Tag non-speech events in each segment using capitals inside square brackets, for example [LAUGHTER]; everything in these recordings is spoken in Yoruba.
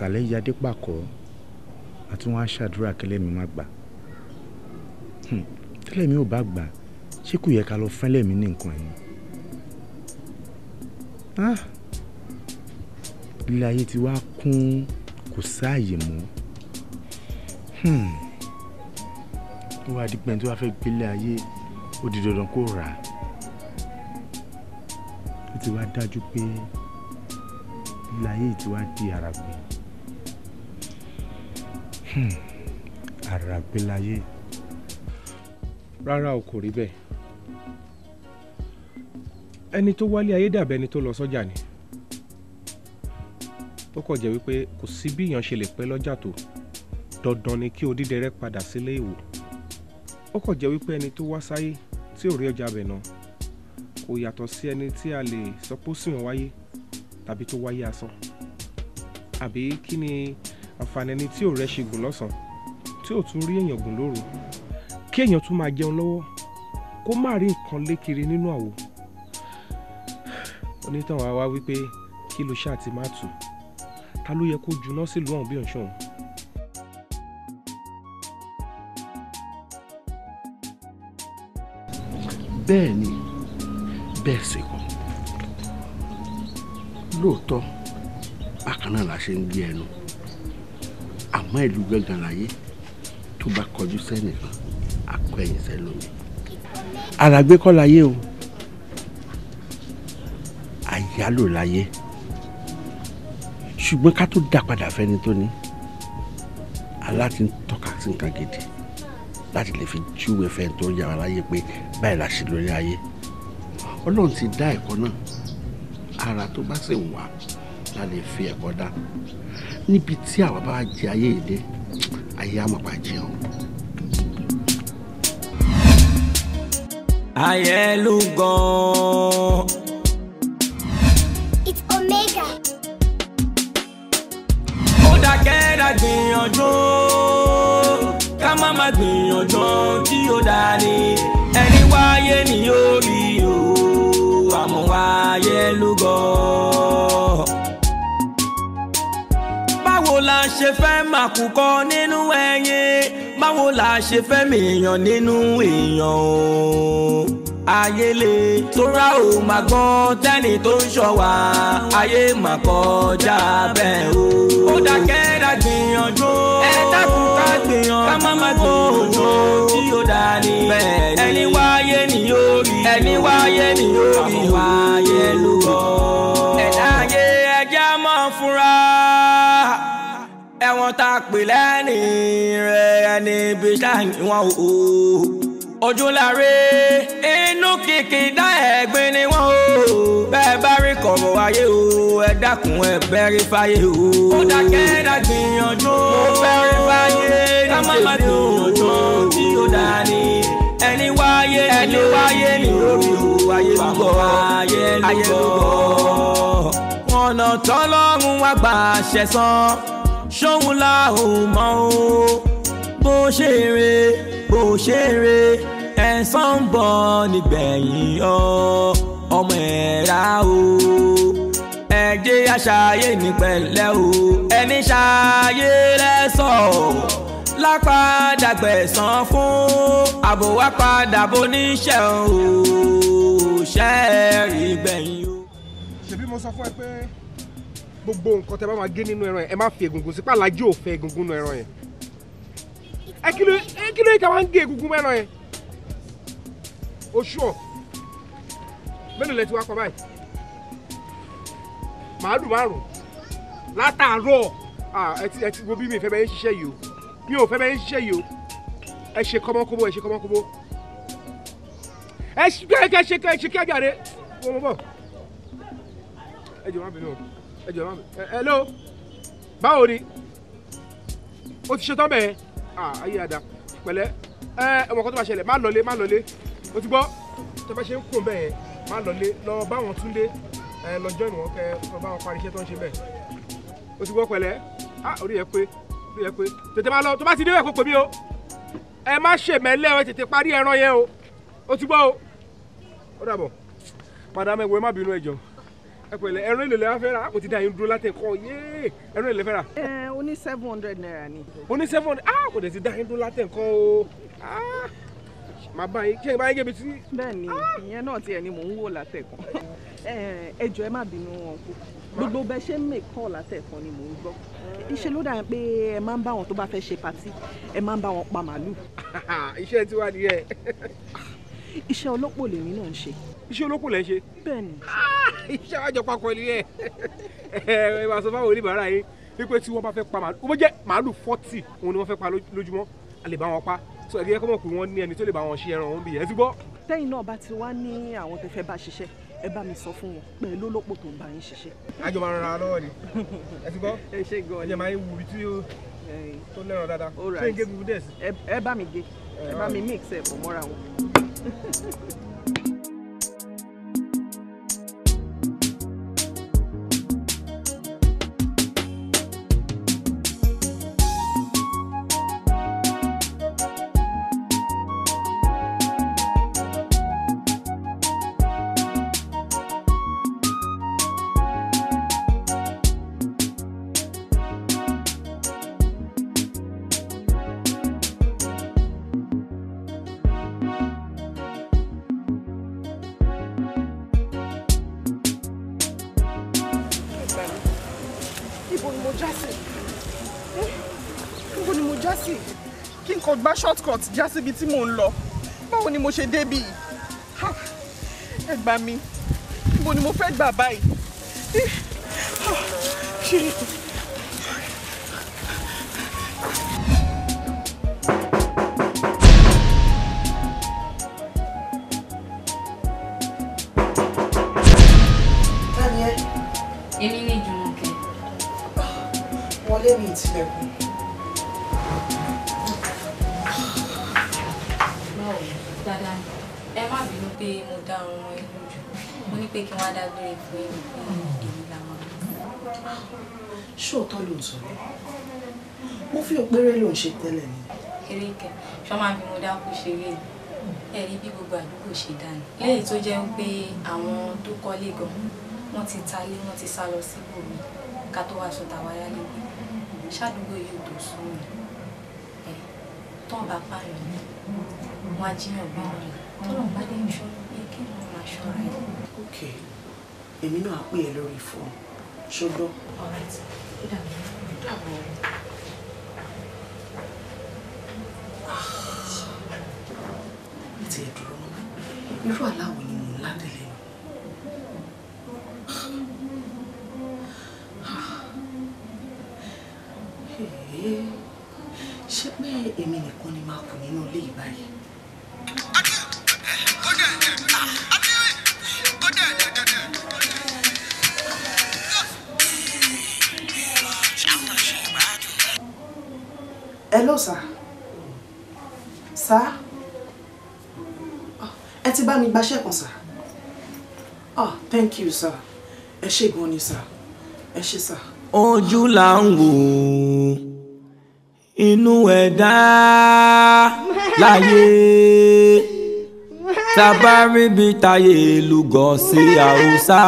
àṣàlẹ̀ yìí adépàkọ́ àti wọn á ṣàdúrà kẹlẹ́ mi má gbà hmm, tẹ́lẹ̀ mi ò bá gbà ṣé kò yẹ ká lọ fẹ́lẹ̀ mi ní nǹkan ẹ̀yìn ah! ilé ayé ti wá kún kò sáàyè mọ́ hmm. ó wá dípẹ́ tó wá fẹ́ gbélé ayé ó di rà ó ti wá dájú pé ilé ayé ti wá di àràgbìn àràbíláyé hmm. rárá o kò rí bẹ́ẹ̀ ẹni tó wálé ayé dàbẹ́ ẹni tó lọ sọ́jà ni ó kọ̀ jẹ́ wípé kò sí bí èèyàn ṣe lè pẹ́ lọ́jà tó dandan ni kí odídẹrẹ padà sílé ìwò ó kọ̀ jẹ́ wípé ẹni tó wá sáyé tí ò rí ọjà bẹ̀ náà kò yàtọ̀ sí ẹni tí a lè sọ pé wáyé tàbí tó wáyé asán àbí kí ni. Kini àǹfààní ẹni tí ò rẹ́ ṣe gùn lọ́sàn-án tí ò tún rí èèyàn gùn lóru kí èèyàn tún máa jẹun lọ́wọ́ kó má rí nǹkan lékiri nínú àwo onítàn wa wá wípé kí ló ṣáà ti má tù ta ló yẹ kó juná sílùú ọ̀hún bí ọ̀ṣọ́ òun bẹ́ẹ̀ bẹ́ẹ̀ sì kọ́ lóòótọ́ bákan náà la ṣe ń gbé ẹnu àmọ́ ìlú gbẹ̀ngàn láyé tó bá kọjú sẹ́nìkan àkọ ẹ̀yìn sẹ́lómi àràgbé kọ́ láyé o àyálò láyé ṣùgbọ́n ká tó dá padà fẹ́ni tó ní aláti ń tọ́ka sí nǹkan gidi láti lè fi júwe fẹ́ni tó yàrá láyé pé báyìí la ṣe lórí ayé ọlọ́run ti dá ẹ̀kọ́ náà ara tó bá sì wà la lè fi ẹ̀kọ́ dá níbi tí àwa bá jẹ ayé ìdẹ ayé àmọ̀pá jẹun. ayẹlu gan. it's omega. ó dákẹ́ dá ká má má gbìyànjú tí ó dá ẹni wáyé ni yóò rí o àmọ́ wáyé lúgọ́. ṣe fẹ́ màkùkọ nínú ẹyin báwo la ṣe fẹ́ mèèyàn nínú èèyàn o. ayélé tóra ò mà gbọ́n tẹ́ni tó ń ṣọ́ wa ayé mà kọjá bẹ́ẹ̀ o. ó dákẹ́ dá gbìyànjú ẹ dákun ká gbìyànjú ká má má gbìyànjú tí ó dá ní. bẹ́ẹ̀ni ẹni wáyé ni yóò rí ẹni wáyé ni yóò rí àwọn wáyé ló wọn tá a pè lẹ́ni rẹ̀ ẹni ibi ṣáà ni wọ́n o. ojúláre inú kìkì dá ẹ̀gbin ni wọ́n o. bẹ́ẹ̀ bá rí kọ̀rọ̀ ayé o ẹ dákun ẹ bẹ́rí fáyé o. ó dákẹ́ dá gbìyànjú. mo bẹ́rí fáyé ní tèmi o. tí ó dá ní ẹni wáyé ẹni wáyé ní lórí o ayé lúgọ ayé lúgọ ọ̀nà tọ́lọ́run wá gbà ṣẹ̀san ṣóhun la ò mọ̀ o bó ṣe re bó ṣe re ẹ̀san ń bọ̀ nígbẹ̀yìn ọ ọmọ ẹ̀dá o ẹ jẹ́ àṣàyè ní pẹ̀lẹ́ o ẹni ṣàyè lẹ́sọ̀ lápadà gbẹ̀san fún àbò wá padà bó níṣẹ́ o ṣẹ́ rí o. ṣebí mo sọ fún ẹ pé gbogbo nǹkan tẹ bá máa gé nínú ẹran yẹn ẹ má fi egungun sí pàlájì ò fẹ́ egungun nínú ẹran yẹn ẹ kí ló ẹ kí ló yẹ ká wá ń gé egungun mẹ́ran yẹn oṣù ọ mélòó lẹ ti wá pa báyìí màálù márùn látàárọ̀ ẹ ti ẹ ti wo bí mi fẹ́ bẹ́ẹ̀ ń ṣiṣẹ́ yìí o mi ò fẹ́ bẹ́ẹ̀ ń ṣiṣẹ́ yìí o ẹ ṣe kọ́mọ́kóbó ẹ ṣe kọ́mọ́kóbó ẹ ṣe kí ẹ ṣe kí ẹ ṣe kí ẹ jàre wọ́n mọ̀ bọ̀ ẹ jọ má bínú o ẹ jọ̀ọ́ ẹ hello báwo ni o ti ṣetán bẹ́ẹ̀ ayé àdá pẹ̀lẹ́ ẹ ọmọ kan tó bá ṣẹlẹ̀ má lọlé má lọlé o ti gbọ́ tó bá ṣe ń kó bẹ́ẹ̀ má lọlé lọ bá wọn Túndé ẹ lọ jọ́ ìwọ̀n kẹ lọ bá wọn parí iṣẹ́ tó ń ṣe bẹ́ẹ̀ o ti gbọ́ pẹ̀lẹ́ á orí yẹ pé orí yẹ pé tètè má lọ tó bá ti dé ẹ̀kọ́ pè mí o ẹ má ṣe mẹ́lẹ́ ẹ tètè parí ẹran yẹn o o ti gbọ́ o ó dàbọ̀ padà mẹ́wọ́ má bínú ẹ jọ̀ọ́ ẹ pẹ̀lẹ́ ẹran èlò lẹ́wọ́ fẹ́ ra àpótí dá yín dúró látẹ̀kọ́ yéé ẹran èlò lẹ́fẹ́ ra. ẹ o ní seven hundred naira ni. o ní seven hundred ah kò dẹ̀ ti dá yín dúró látẹ̀kọ́ o ah màá bá yín kí ẹ bá yín gébi tí. bẹ́ẹ̀ni ah. ìyẹn náà tiẹ̀ ni mò ń wò látẹ̀kọ́ ẹ jọ̀ọ́ ẹ má bínú wọn kú gbogbo bẹ ṣe ń mè kọ́ látẹ̀kọ́ ni mò ń gbọ́ iṣẹ́ ló dà pé ẹ máa ń bá wọn tó bá fẹ́ ṣe patí ẹ máa ń bá wọn pa màálù. [LAUGHS] iṣẹ́ tiwa nìyẹn. iṣẹ́ olópò lèmi náà ń ṣe iṣẹ́ olóko lẹ ń ṣe. bẹ́ẹ̀ni. Ah, iṣẹ́ àjọ papọ̀ ni ẹ ẹ máa sọ fáwọn oníbàárà yín wípé tí wọ́n bá fẹ́ pa màálù wọ́n jẹ́ màálù fọ́tì òun ni wọ́n fẹ́ pa lójúmọ́ a lè bá wọn pa so ẹgbẹ́ kọ́mọ̀ pé wọ́n ní ẹni tó lè bá wọn ṣe ẹran òun bì ẹ ti gbọ́. tẹ́yìn náà bá ti wá ní àwọn tó fẹ́ bá ṣiṣẹ́ ẹ bá mi sọ fún wọn pẹ̀lú olópò tó ń bá yín ṣiṣẹ́. àjọ máa ran ara lọ́wọ́ ni ẹ ti gbọ́ ẹ ṣe gan-an ẹ máa ń wù bí tí ó lẹ́ràn dáadáa ṣé ń gé gbogbo dẹ̀ ẹ bá mi gé ẹ bá mi mix ẹ̀ pọ̀ mọ́ra wọn. [LAUGHS] shortcut já síbi tí mò ń lọ báwo ni mo ṣe débì ẹ gbà mí níbo ni mo fẹ́ gbà báyìí. dágbére fún èmi pé èmi làwọn mi. ṣóòótọ́ ló ń sọ̀rọ̀ mo fi òpèrè ló ń ṣe tẹ́lẹ̀ ni. eré kẹ ṣọmọ mi mo dákú ṣeré ni ẹ rí bí gbogbo àdúgbò ṣe dànù lẹ́yìn tó jẹ́ pé àwọn tó kọ́lé gan wọ́n ti talé wọ́n ti sá lọ síbòmí ká tó wá aṣọ tàwárá lẹ́gbẹ̀ẹ́ ṣàdúgbò yìí ò tó sún mi ẹ tán bá pààyàn ni wọn á jiyàn gbé wọn tọ́lọ̀ bá dé ìṣọ́ yẹ kí wọ́n máa ṣọ́ra ẹ̀ èmi náà á pè ẹ́ lórí fóònù ṣùgbọ́n. tiẹ̀ dúró irú aláwọ̀ ni mò ń látẹ̀lé ṣé pé èmi nìkan ni máa kù nínú ilé yìí hello sir sir ẹ ti bá mi gbaṣẹ́ kan sir oh thank you sir ẹ ṣé gan ni sir ẹ ṣé sir. ojú là ń wò inú ẹ̀dá láyé tá a bá rí bí táyé lúgọ sí àwòsá.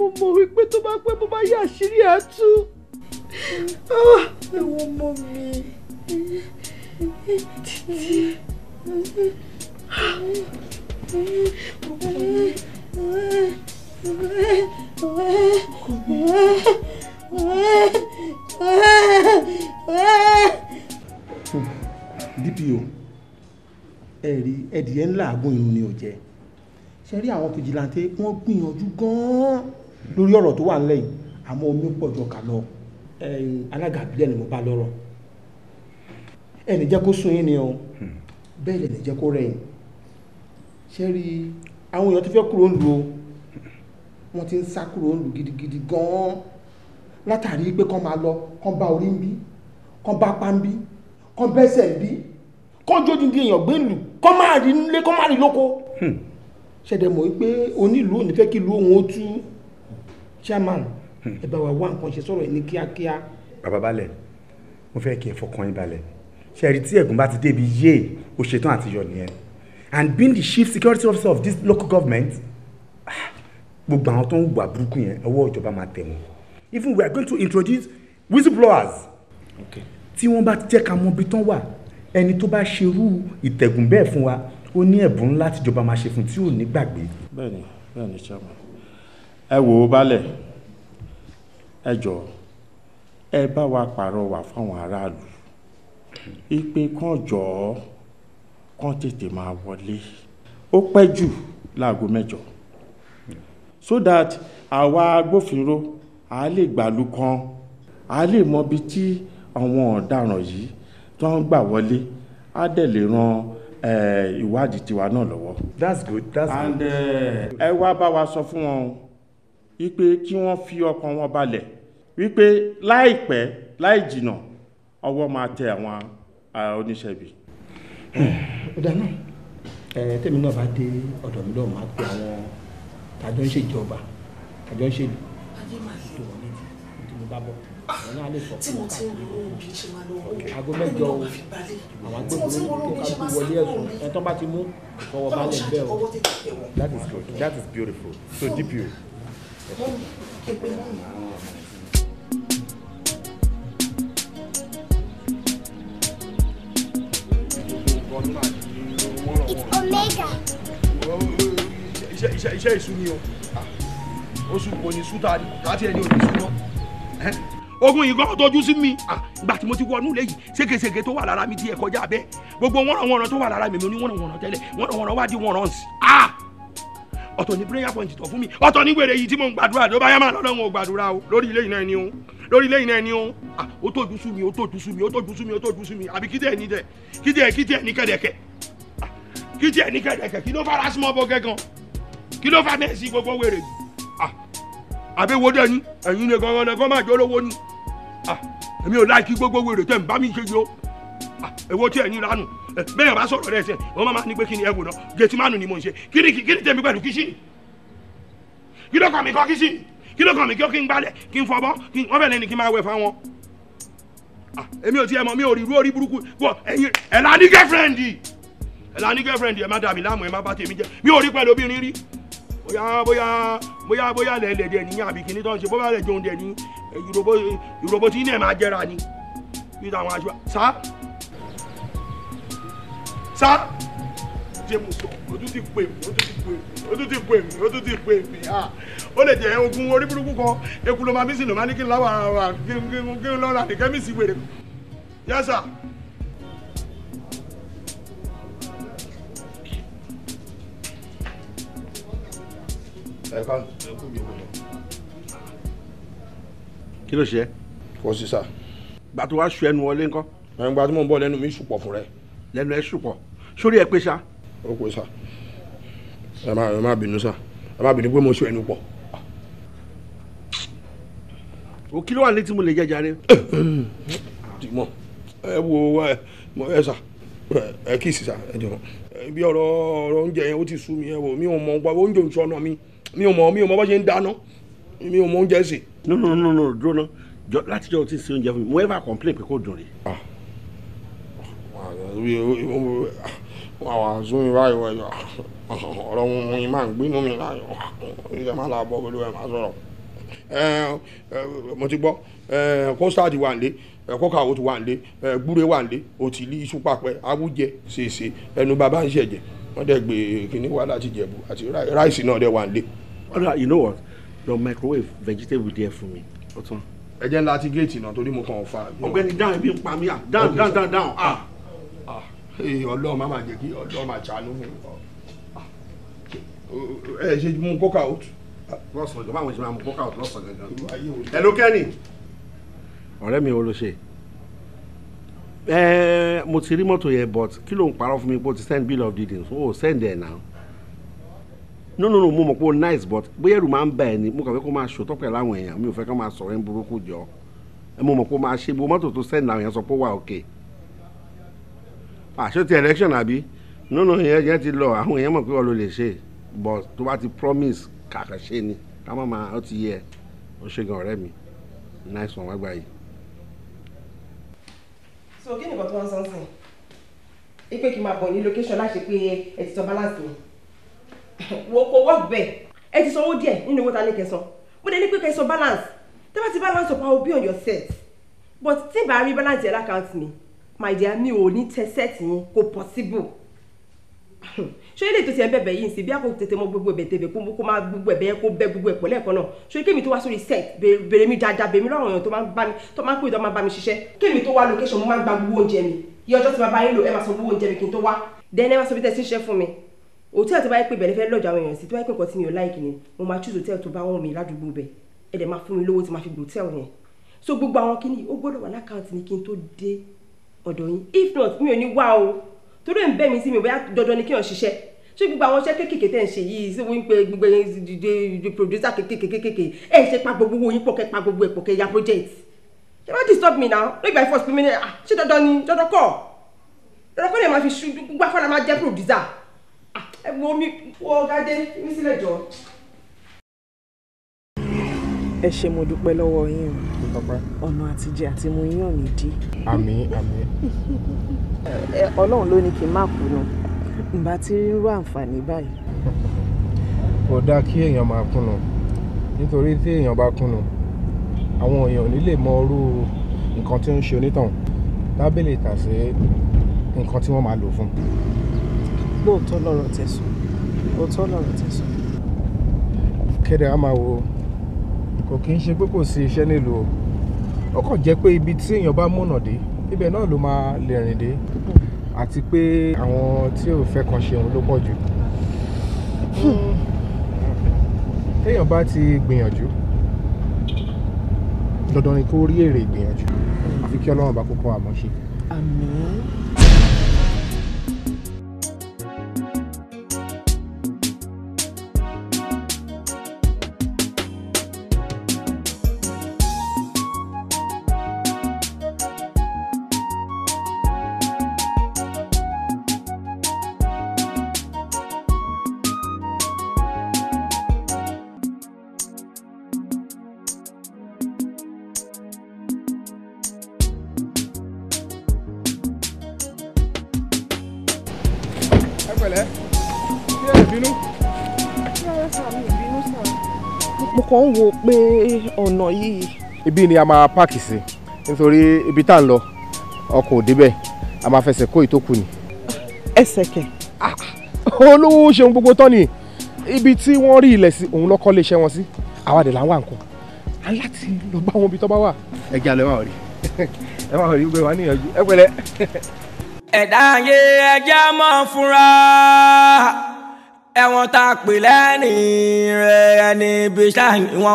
mo mọ̀ wípé tó bá pẹ́ mo bá yẹ àṣírí ẹ̀ tú. Ah, ẹ̀wọ̀n ọmọ mi títí ọkọ mi ọkọ mi. DPO ẹ̀rí ẹ̀dìyẹ ńlá àgùn irun ni ò jẹ́ ṣe rí àwọn fìjìláńtẹ́ wọ́n gbìyànjú gan-an lórí ọ̀rọ̀ tó wà ńlẹ̀ yìí àmọ́ omi pọ̀ jọ kà lọ alága àbílẹ̀ ni mo bá lọ́rọ̀ ẹnì jẹ́ kó sún yín ni o hmm. bẹ́ẹ̀ lẹ̀ ní jẹ́ kó rẹ̀yìn ṣé rí àwọn èèyàn tó fẹ́ kúrò ń lu o wọ́n ti ń sá kúrò ń lu gidigidi gan-an látàrí pé kán máa lọ kán bá orí ń bí kán bá pa ń bí kán bẹ́sẹ̀ ń bí kán jójú di èèyàn gbé lù kán máa rí nílé kán máa rí lóko hmm. ṣẹ̀dẹ̀ mọ̀ wípé onílù ò ní fẹ́ kí ìlú òun ó tú chairman hmm. ẹ bá wa wá nǹkan ṣe sọ̀rọ̀ ní kíákíá. bàbá balẹ̀ mo fẹ́ kí ẹ fọkàn yín balẹ̀ ṣe rí tí ẹ̀gùn bá ti débi yé o ṣetán àti yọ nìyẹn and being the chief security officer of this local government ah, gbogbo àwọn tó ń wà burúkú yẹn ọwọ́ ìjọba máa tẹ̀ wọ́n even we are going to introduce whistleblowers tí wọ́n bá jẹ́ ká mọ̀ bí tán wà ẹni tó bá ṣerú ìtẹ̀gùn bẹ́ẹ̀ fún wa ó ní ẹ̀bùn ńlá tíjọba máa ṣe fún tí ò ní gbàgbé. bẹ́ẹ̀ni bẹ́ẹ̀ni chairman ẹ balẹ̀ ẹ ẹ bá wa pàrọwà fáwọn aráàlú ipe kan jọ ọ́ kan tètè máa wọlé ó pẹ́ jù láago mẹ́jọ so that àwa agbófinró a lè gbàlú kan a lè mọbi tí àwọn ọ̀daràn yìí tó ń gbà wọlé á dẹ̀ lè ran ìwádìí tiwa náà lọ́wọ́. that's good that's good. and ẹ wá bá wa sọ fún wọn o wípé kí wọ́n fi ọkàn wọn balẹ̀ wípé láìpẹ́ láì jìnà ọwọ́ máa tẹ àwọn oníṣẹ́bí. ọ̀dà náà ẹ̀ náà bá dé ọ̀dọ̀ mi náà máa pe àwọn tàjọ ń ṣèjọba tàjọ ń ṣèlú tó wọlé tí mo bá bọ̀ àwọn náà lè sọ fún mi káàkiri aago mẹ́jọ o àwọn agbébọn ló ká kú wọlé ẹ̀sùn ẹ̀tọ́ bá ti mú fọwọ́ bẹ́ẹ̀ o. that is good that is beautiful so DPO kí n pé mọ́mì. omega. iṣẹ́ iṣẹ́ iṣẹ́ ìsú ni o ah, oṣù kò ní sùn tàbí káàtì ẹni ò ní sùn náà ogun yìí gbọ́dọ̀ dojú sí mi ah, ìgbà tí mo ti wọnú lẹ́yìn ségesège tó wà lára mi ti ẹ̀ kọjá abẹ́ gbogbo wọ́nrọ̀wọ́nrọ̀ tó wà lára mi mo ní wọ́nrọ̀wọ́nrọ̀ tẹ́lẹ̀ wọ́nrọ̀wọ́nrọ̀ wá di wọ́nrọ̀ Ah ọ̀tọ̀ ni prayer point tọ̀ fún mi ọ̀tọ̀ ni wèrè yìí tí mò ń gbàdúrà ló bá yá máa lọ́dọ̀ wọn ò gbàdúrà o lórí ilé iná ẹni o lórí ilé iná ẹni o ah ó tó dùsù mi ó tó dùsù mi ó tó dùsù mi ó tó dùsù mi àbí kídìẹ̀ ní dẹ̀ kídìẹ̀ kídìẹ̀ ní kẹ̀dẹ̀kẹ̀ kídìẹ̀ ní kẹ̀dẹ̀kẹ̀ kí ló fara súnmọ́ bọ́ gẹ́gàn kí ló fa mẹ́sì gbogbo wèrè yìí ah àbí wo dẹ́ni ẹ̀yin ni gangan ni gan máa jọ ah èmi ò láì kí gbogbo wèrè tẹ̀ ń bá èwo tí ẹ̀yin lánù bẹ́ẹ̀ bá sọ̀rọ̀ rẹ̀ sẹ́ wọ́n máa ní pé kí ni ẹ̀wò náà gẹ̀tì mánu ni mò ń ṣe kí ni kí pẹ̀lú kíṣìnì kí ló kàn mí kọ́ kíṣìnì kí ló kàn mí kí ó kí n gbálẹ̀ kí n fọbọ́ kí wọ́n bẹ̀rẹ̀ ni kí n máa wẹ̀ fáwọn. Ah, èmi ò tiẹ̀ mọ̀ mi ò rí irú orí burúkú wọ ẹ̀yin ẹ̀ la ní gẹ́fẹ̀rẹ̀ndì ẹ̀ la ní gẹ́fẹ̀rẹ̀ndì ẹ̀ má dàbí láàmú ẹ̀ má bá tèmi jẹ́ mi ò rí pẹ̀lú obìnrin rí bóyá bóyá bóyá bóyá lẹ́lẹ̀ díẹ̀ níyàn àbí kìíní tó ń ṣe bó lẹ̀ jòun díẹ̀ ní yorùbó yorùbó tí ní ẹ̀ máa jẹ́ra ni sá jẹ́ mo sọ ojú ti pè mí ojú ti pè mí ojú ti pè mí ojú ti pè mí à ó lè jẹ́ ogun orí burúkú kan eku ló máa bí sinimá ní kí n láwọ ara wa kí n lọ́ra ní kẹ́míìsì wèrè yẹ́sà. ẹ̀ka kí ló ṣe é. kò sí sá. gbàtú wá ṣu ẹnu wọlé ńkọ́. ẹ̀ ń gbà tí ń bọ̀ lẹ́nu mi ṣùpọ̀ fún rẹ. lẹ́nu ẹ ṣùpọ̀ sórí ẹ pé ṣá. ó pè sá ẹ má ẹ má bínú sá ẹ má bínú pé mo sọ ẹnu pọ̀. òkè ló wà létí mo lè jẹ jàre. dìmọ̀ ẹ wo ẹ sá ẹ kí ìsì sá ẹ jọ bí ọ̀rọ̀ ọ̀rọ̀ oúnjẹ yẹn ó ti sú mi ẹ wò mi ò mọ̀ nípa oúnjẹ òṣù ọ̀nà mi mi ò mọ̀ mi ò mọ̀ bá ṣe ń dáná mi ò mọ̀ oúnjẹ sè. no no no no dúró ná o ti ń ṣe oúnjẹ fún mi wọ́n ẹ̀ complain pé kò dùn rè. ah mo ti gbọ́ kọ́stáàdì wà nílé kọ́kàwó ti wà nílé gbúre wà nílé òtílí iṣu awújẹ ṣèṣe ẹnu bàbá ń ṣẹ̀jẹ̀ wọ́n dẹ̀ gbé kínní wá láti jẹ̀bù àti ráìsì náà dẹ̀ wà nílé. you know what the microwave vegetable there for me. ọtún. ẹ jẹ́ ńlá ti géètì náà torí mo kàn fa. ọ̀gbẹ́ni dáhùn ibi ń pa mí à dáhùn dáhùn dáhùn ah. Eh, ọlọ́run má máa jẹ́ kí ọlọ́run máa ṣàánú fún ah, ẹ ṣe mú kókà out lọ́sàn-án ìjọba àwọn ìṣẹ̀lẹ̀ mú kókà out lọ́sàn-án gangan hello Kenny. ọ̀rẹ́ mi wo ló ṣe ẹ mo ti rí mọ́tò yẹn but kí ló ń parọ́ fún mi pé o ti send bill of deedings o send ẹ̀ náà no no no mo mọ̀ pé o nice but bóyá ẹrù máa ń bà ẹ́ ni mo kàn fẹ́ kó máa ṣòótọ́ pẹ̀lú àwọn èèyàn mi ò fẹ́ kó máa sọ̀rọ̀ ẹ̀ ń burúkú jọ mo mọ̀ pé o máa ṣe bo mọ́tò tó send àwọn èèyàn sọ pé ó wà okay àṣé ah, ti election àbí nínú yẹn yẹn ti lọ àwọn èèyàn mọ̀ pé wọ́n ló lè ṣe but tó bá ti promise kàkà ṣe ni ká má máa ó ti yẹ ó ṣe gan ọ̀rẹ́ mi nice one wá gbà yìí. so kí ni nǹkan tó ń sọ sìn é pé kí n máa bọ̀ ní location láṣẹ pé ẹ ti sọ balance mi [LAUGHS] wo kò work bẹ́ẹ̀ ẹ ti sanwó díẹ̀ nínú owó ta ní kẹsàn mo dé ní pé kẹsàn balance tẹ́ bá ti balance ọ̀pá o be on your set but tí bá rí balance yẹn lákàntì mi my dear mi ò ní tẹ sẹ́ẹ̀tì yẹn kò possible ṣé ilé ètò ti ẹ̀ ń bẹ̀bẹ̀ yìí ń sìn bí a kò tètè mọ gbogbo ẹ̀bẹ̀ tèbè kó má gbogbo ẹ̀bẹ̀ yẹn kó bẹ́ gbogbo ẹ̀pọ̀ lẹ́ẹ̀kan náà ṣé kémi tó wá sórí set bèrè mi dáadáa bèrè mi lọ́rùn èèyàn tó máa ń bá mi tó máa ń pè tó máa ń bá mi ṣiṣẹ́ kémi tó wá location mo máa ń gba gbogbo oúnjẹ mi iye ọjọ́ tí màá bá yín lò ẹ máa san gbogbo oúnjẹ mi kí n tó wá then ẹ máa sọ bí tẹ́ ṣe fún mi hòtẹ́ẹ̀lì tó bá yẹ pé bẹ̀rẹ̀ fẹ́ lọ́jà àwọn èèyàn sí tó bá yẹ pé nǹkan tí mi ò láìkì ni mo máa choose hòtẹ́ẹ̀lì tó bá wọn mi ládùúgbò bẹ̀ ẹ̀ dẹ̀ máa fún mi lówó tí máa fi gbòtẹ́ẹ̀lì yẹn so gbogbo àwọn kíní ó gbọ́dọ̀ wà lákàntì ni kí n tó dé ọ̀dọ̀ yín if not mi ò ní wá o torí ẹ̀ ń bẹ́ mi sí mi bóyá dandan ni kí n ṣiṣẹ́ ṣé gbogbo àwọn iṣẹ́ kéékèèké tẹ̀ ń ṣe yìí sí wọ́n ń pe gbogbo ẹ̀yin producer kéékèèké ẹ̀ ṣe pa gbogbo owó yín pọ̀ kẹ́ pa gbogbo ẹ̀ pọ̀ kẹ́ ya project ṣé wọ́n disturb mi now lórí ìgbà ìfọ̀sí mi ní à ah, ṣé dandan ni dandan kọ́ dandan kọ́ lè máa fi ṣu gbogbo afọ́nà máa jẹ́ producer ah, ẹ̀ wọ́n mi wọ́n ọ̀gá dé mi sílẹ̀ jọ ẹ ṣe mo dúpẹ́ lọ́wọ́ yín o ọ̀nà àtijẹ àti mo yàn mí dí. àmín àmín. ọlọ́run ló ní kí n má kùnà ǹbá tí rírú àǹfààní báyìí. kò dáa kí èèyàn máa kùnà nítorí tí èèyàn bá kùnà àwọn èèyàn ò ní lè mọ irú nǹkan tí ó ń ṣe onítàn tábìlì tàṣé nǹkan tí wọ́n máa lò fún. lóòótọ́ lọ̀rọ̀ tẹ̀sán lóòótọ́ lọ̀rọ̀ tẹ̀sán. kéde a máa wo kò kí ń ṣe pé kò sí iṣẹ́ nílùú o ó kàn jẹ́ pé ibi tí èèyàn bá múnà dé ibẹ̀ náà ló máa lè rìn dé àti pé àwọn tí ò fẹ́ kan ṣe òun ló pọ̀ jù hmm. téèyàn bá ti gbìyànjú dandan ni kó rí èrè ìgbìyànjú àfi kí Ọlọ́run bá kókó àmọ́ ṣe. àmín. ẹ pẹ̀lẹ́ kí ẹ bínú. mo kàn ń wo pé ọ̀nà yìí. ibi ni a máa páàkì sí nítorí ibi tá à ń lọ ọkọ̀ ò débẹ̀ a máa fẹsẹ̀ kó ìtókù ni. ẹsẹ̀ kẹ̀. Ah, olówó ṣeun gbogbo tán ni ibi tí wọ́n rí ilẹ̀ sí òun lọ́kọ́ lè ṣe wọn sí àwa dẹ̀ là ń wà nǹkan a láti lọ bá wọn ibi tó bá wà. ẹ jà lọ [LAUGHS] ẹ máa rí ẹ máa rí gbé wa níyànjú ẹ pẹ̀lẹ́. [LAUGHS] ẹ̀dá ayé ẹjẹ́ mọ́ fúnra ẹ̀wọ̀n tá a pè lẹ́ni rẹ̀ ẹni ibi ṣáàyàn o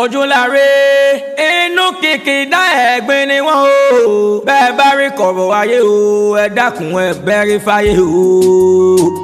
ojúláre inú kìkì dá ẹ̀gbin ni wọ́n o bẹ́ẹ̀ bá rí kọ̀rọ̀ ayé o ẹ dákun ẹ bẹ́ẹ̀ rí fáyé o.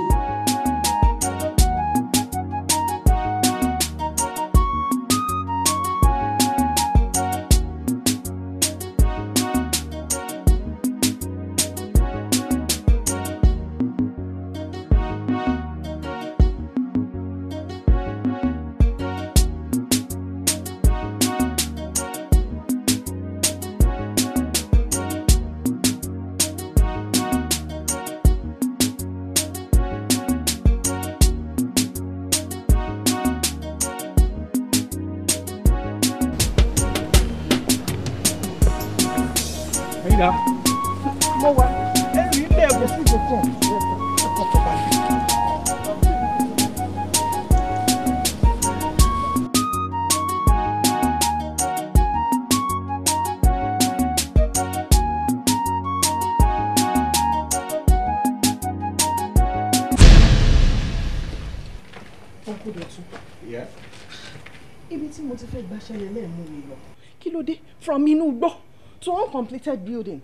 completed building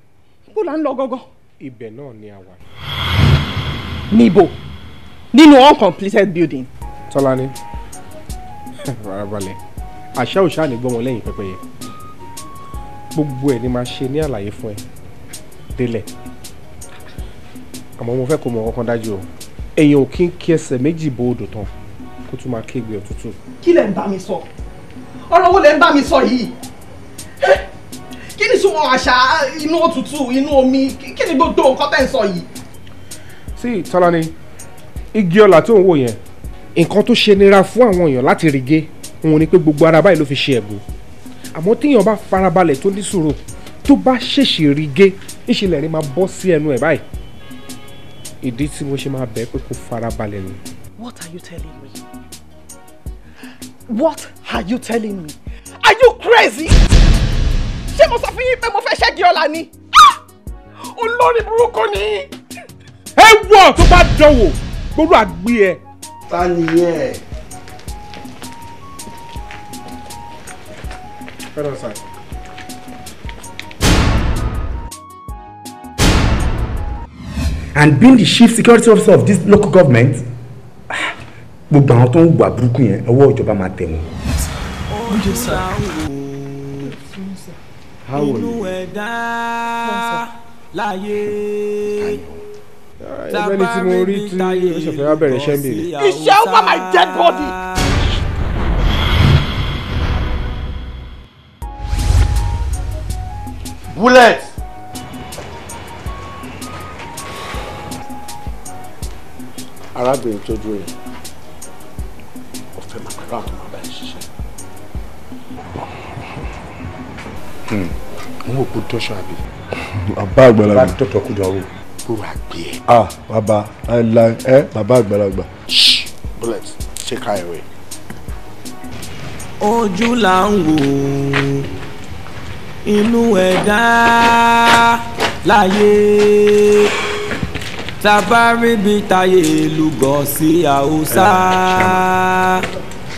kó là ń lọ gangan. ibẹ̀ náà ni a wà. níbo nínú uncompleted building. tọ́lání farabalẹ̀ àṣà òṣà ni gbọ́mọ lẹ́yìn pẹ́pẹ́yẹ gbogbo ẹ̀ ni máa ṣe ní àlàyé fún ẹ délẹ̀ àmọ́ mo fẹ́ kó mọ ọkàn dájú o èèyàn ò kí ń kí ẹsẹ̀ méjì bo odò tán kó tún máa kégbe òtútù. kí lẹ̀ ń bá mi sọ ọ̀rọ̀ wo lẹ̀ ń bá mi sọ yìí kí ni sún àṣà inú òtútù inú omi kí ni gbogbo nǹkan tẹ́ ń sọ yìí. sí Tọ́lání igi ọ̀là tó ń wò yẹn nǹkan tó ṣe nira fún àwọn èèyàn láti rí gé òun ni pé gbogbo ara báyìí ló fi ṣe ẹ̀gún àmọ́ téèyàn bá farabalẹ̀ tó ní sùúrù tó bá ṣèṣì rí gé ìṣẹ̀lẹ̀ rí máa bọ́ sí ẹnu ẹ̀ báyìí ìdí tí mo ṣe máa bẹ̀ pé kó farabalẹ̀ ni. What are you telling me? What are you telling me? Are you crazy? ṣé mo sọ fún yín pé mo fẹ́ ṣẹ́gi ọ̀la ni ah! olórí burúkú ni. ẹ wọ tó bá dánwò gbọ́dọ̀ àgbé ẹ. ta ni ẹ. and being the chief security officer of this local government ah, gbogbo àwọn tó ń wà burúkú yẹn ọwọ́ ìjọba máa tẹ̀ wọ́n inú ẹ̀dá láyé ẹgbẹ́ni tí mo rí tí ó ṣẹ̀fẹ̀ wá bẹ̀rẹ̀ iṣẹ́ mi rè. iṣẹ́ over my dead body. bullet. arábìnrin tójú rẹ̀ ọ̀fẹ́ àwọn ọmọ abẹ́rẹ́ ṣiṣẹ́. Hmm n ò kó dọ́ṣọ àbí. bàbá àgbàlagbà bàbá tọ̀tọ̀ kú dánwò. bó wàá ah bàbá láìláì ẹ bàbá àgbàlagbà. shh bullet ṣe ká ẹ̀rọ ẹ̀. ojú là ń wò inú ẹ̀dá láyé tabaribi taye lùgọ̀ sí haúsá.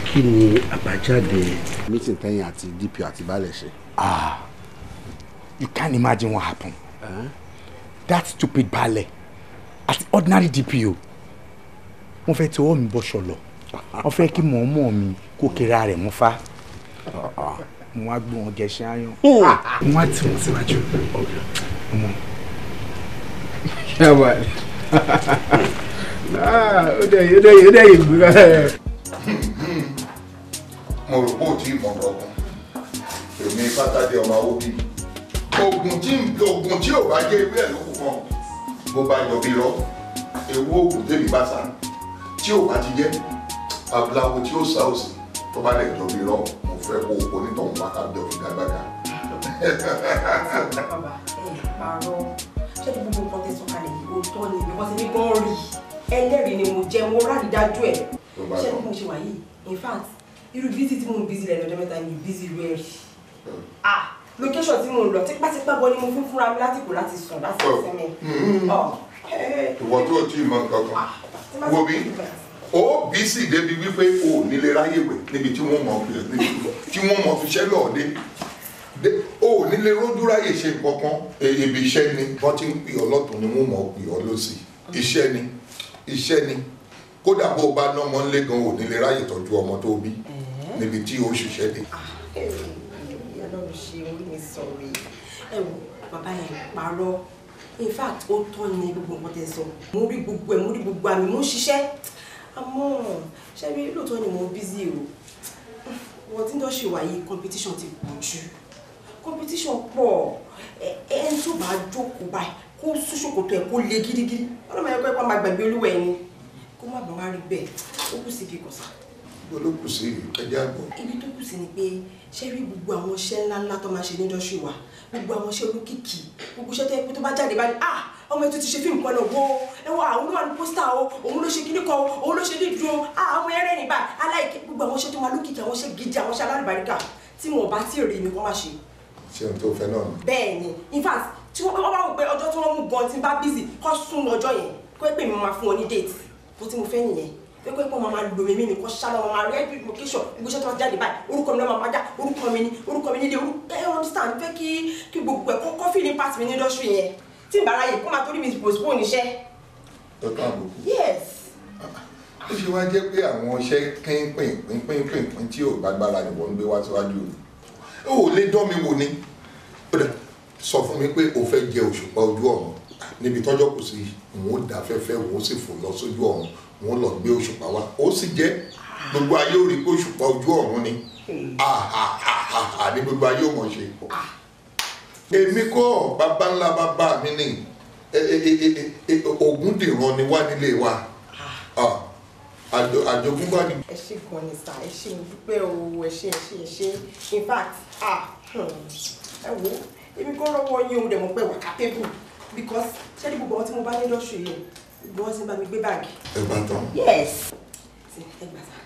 kí ni àbájáde. mítìntẹ́yìn àti dp àti balẹ̀ ṣe. ah You can't imagine what happened. Uh-huh. That stupid ballet at ordinary DPO. Wọ́n fẹ́ tí ọwọ́ mi bọ́ ṣọlọ. Wọ́n fẹ́ kí mọ̀ọ́mọ̀ mi kó kera rẹ̀ mú fá. Mo wá gbé wọn gẹ̀ẹ́sẹ̀ ayan. Oh! Mo wá tì wọ́n síwájú. Ọmọ. Ṣé wà ní? Ah, ó dẹ̀ yé ó dẹ̀ yé gbé Mo rò pé ò tí mọ̀ ọ̀rọ̀ kan. Èmi pátá dé ọmọ awó bíi oògùn tí oògùn tí ò bá jẹ́ ewé ẹ̀ ló kù kan bó bá yọ bí rọ ewu oògùn tèmi bá sá tí ò bá ti jẹ́ babaláwo tí ó sá òsì tó bá lè jọ bí rọ mo fẹ́ kó o onítọ̀hún wá kájọ ìgbàgbàgbà. bàbá ẹ pààrọ̀ ṣé gbogbo nǹkan tẹ sọ kalẹ̀ yìí òótọ́ ni ibi kan ṣe ní gan rí ẹlẹ́rìí ni mo jẹ́ mo rárí dájú ẹ̀ ṣé bí mo ṣe wà yìí in fact irú bísí tí mo ń bísí lẹ́nu ọjọ́ mẹ́ta ni bísí rẹ̀ rí location tí mo lọ tipátipá bọ ni mo fún fúnra mi láti kò láti sùn láti ẹsẹ oh. mi. Mm-hmm. Oh, ìwọ tó tí ì mọ kankan wo bí ó bí sì débi wípé o ò nílé ráyè wẹ̀ níbi tí wọ́n mọ̀ tí wọ́n mọ̀ fi ṣẹ́ lọ́ọ̀dẹ́ o ò nílé rójú ráyè ṣe kankan e, ibi iṣẹ́ ni wọ́n ti ń pè ọ́ lọ́tún ni wọ́n mọ̀ pè ọ́ lọ́sì mm. iṣẹ́ ni iṣẹ́ ni kódà bó o bá ná ọmọ ńlẹ́ gan o ò nílé ráyè tọ́jú ọmọ tó bí níbi tí o ṣiṣẹ́ dé. Ah, ọlọ́run ṣe orí mi sọ̀rọ̀ ẹ wò bàbá yẹn in fact ó tán ni gbogbo nǹkan tẹ́ sọ mo rí gbogbo ẹ̀ mo rí gbogbo àmì mo ń ṣiṣẹ́ àmọ́ ṣe rí lóòótọ́ ni mo ń bízì o wọ́n ti ń dọ́ṣì wáyé competition ti pọ̀ jù competition pọ̀ ẹni tó bá jókòó báyìí kó sún ṣòkòtò ẹ̀ kó le gidigidi ọlọ́mọ ẹ̀kọ́ ẹ̀kọ́ máa gbàgbé olúwa ẹni kó má bàa wá rí bẹ́ẹ̀ ó kù sí fi kọ̀sà olókù sí àgbọ. ibi tó kù sí ni pé ṣé rí gbogbo àwọn iṣẹ́ ńláńlá tó máa ṣe ní dọ́ṣù wa gbogbo àwọn iṣẹ́ olókìkí gbogbo iṣẹ́ tó yẹ pé tó bá jáde bá ní ah ọmọ ètò ti ṣe fíìmù kan náà wo ẹwọ àwọn olúwa ní pósítà o òun ló ṣe kíní kan òun ló ṣe dídùn o ah ọmọ ẹrẹ́ ní gbogbo àwọn iṣẹ́ tó máa lókìkí àwọn iṣẹ́ gidi àwọn iṣẹ́ alárìbáríkà tí wọn bá tí rí ni wọ́n máa ṣe. ṣé ohun tó fẹ́ náà. in fact tí wọ́n bá wọ pé ọjọ́ tí wọ́n mú gan tí n bá bízì kọ́ sún lọ́jọ́ yẹn kó pè mí máa fún ọ ní déètì bó ti mo fẹ́ pé pé máa lò mí nìkan ṣáná wọn máa rẹ́ẹ̀dì location ìgbésẹ̀ tó ń jáde báyìí orúkọ mi lọ́mọ àbájá orúkọ mi ní orúkọ mi nílé orúkọ ẹ̀ understand pé kí kí gbogbo ẹ̀ kọ́kọ́ fìlí pàtì mi ní industry yẹn tí n bá ráyè kó máa torí mi postpone iṣẹ́. dọ́kítà àbùkù. yes. ó ṣe wá jẹ́ pé àwọn iṣẹ́ pínpínpínpínpín tí ò gbàgbára ni wọ́n ń gbé wá síwájú o ò lè níbi tọ́jọ́ kù sí òun ó dá fẹ́fẹ́ òun ó sì fò lọ sójú ọ̀run wọ́n lọ gbé òṣùpá wá ó sì jẹ́ gbogbo ayé ò rí pé òṣùpá ojú ọ̀run ni àhàhàhà hmm. ní gbogbo ayé ò mọ̀ ṣe. èmi kọ́ bàbá ńlá bàbá mi ni Ògúndìran e, e, e, ni wá nílé wa ah. ah, àjogúnbá ni. ẹ ṣe gan ni sà ẹ ṣe mo dúpẹ́ o ẹ ṣe ẹ ṣe ẹ ṣe in fact ah, hmm. ẹ wo èmi kọ́ lọ́wọ́ yín o dẹ̀ mọ̀ pé wà capable because ṣé ní gbogbo ọtí mo bá ní lọ́sùn yìí gbọ́n sí bá mi gbé báàgì. ẹ bá tán. yes. ṣe ẹ gbà sá.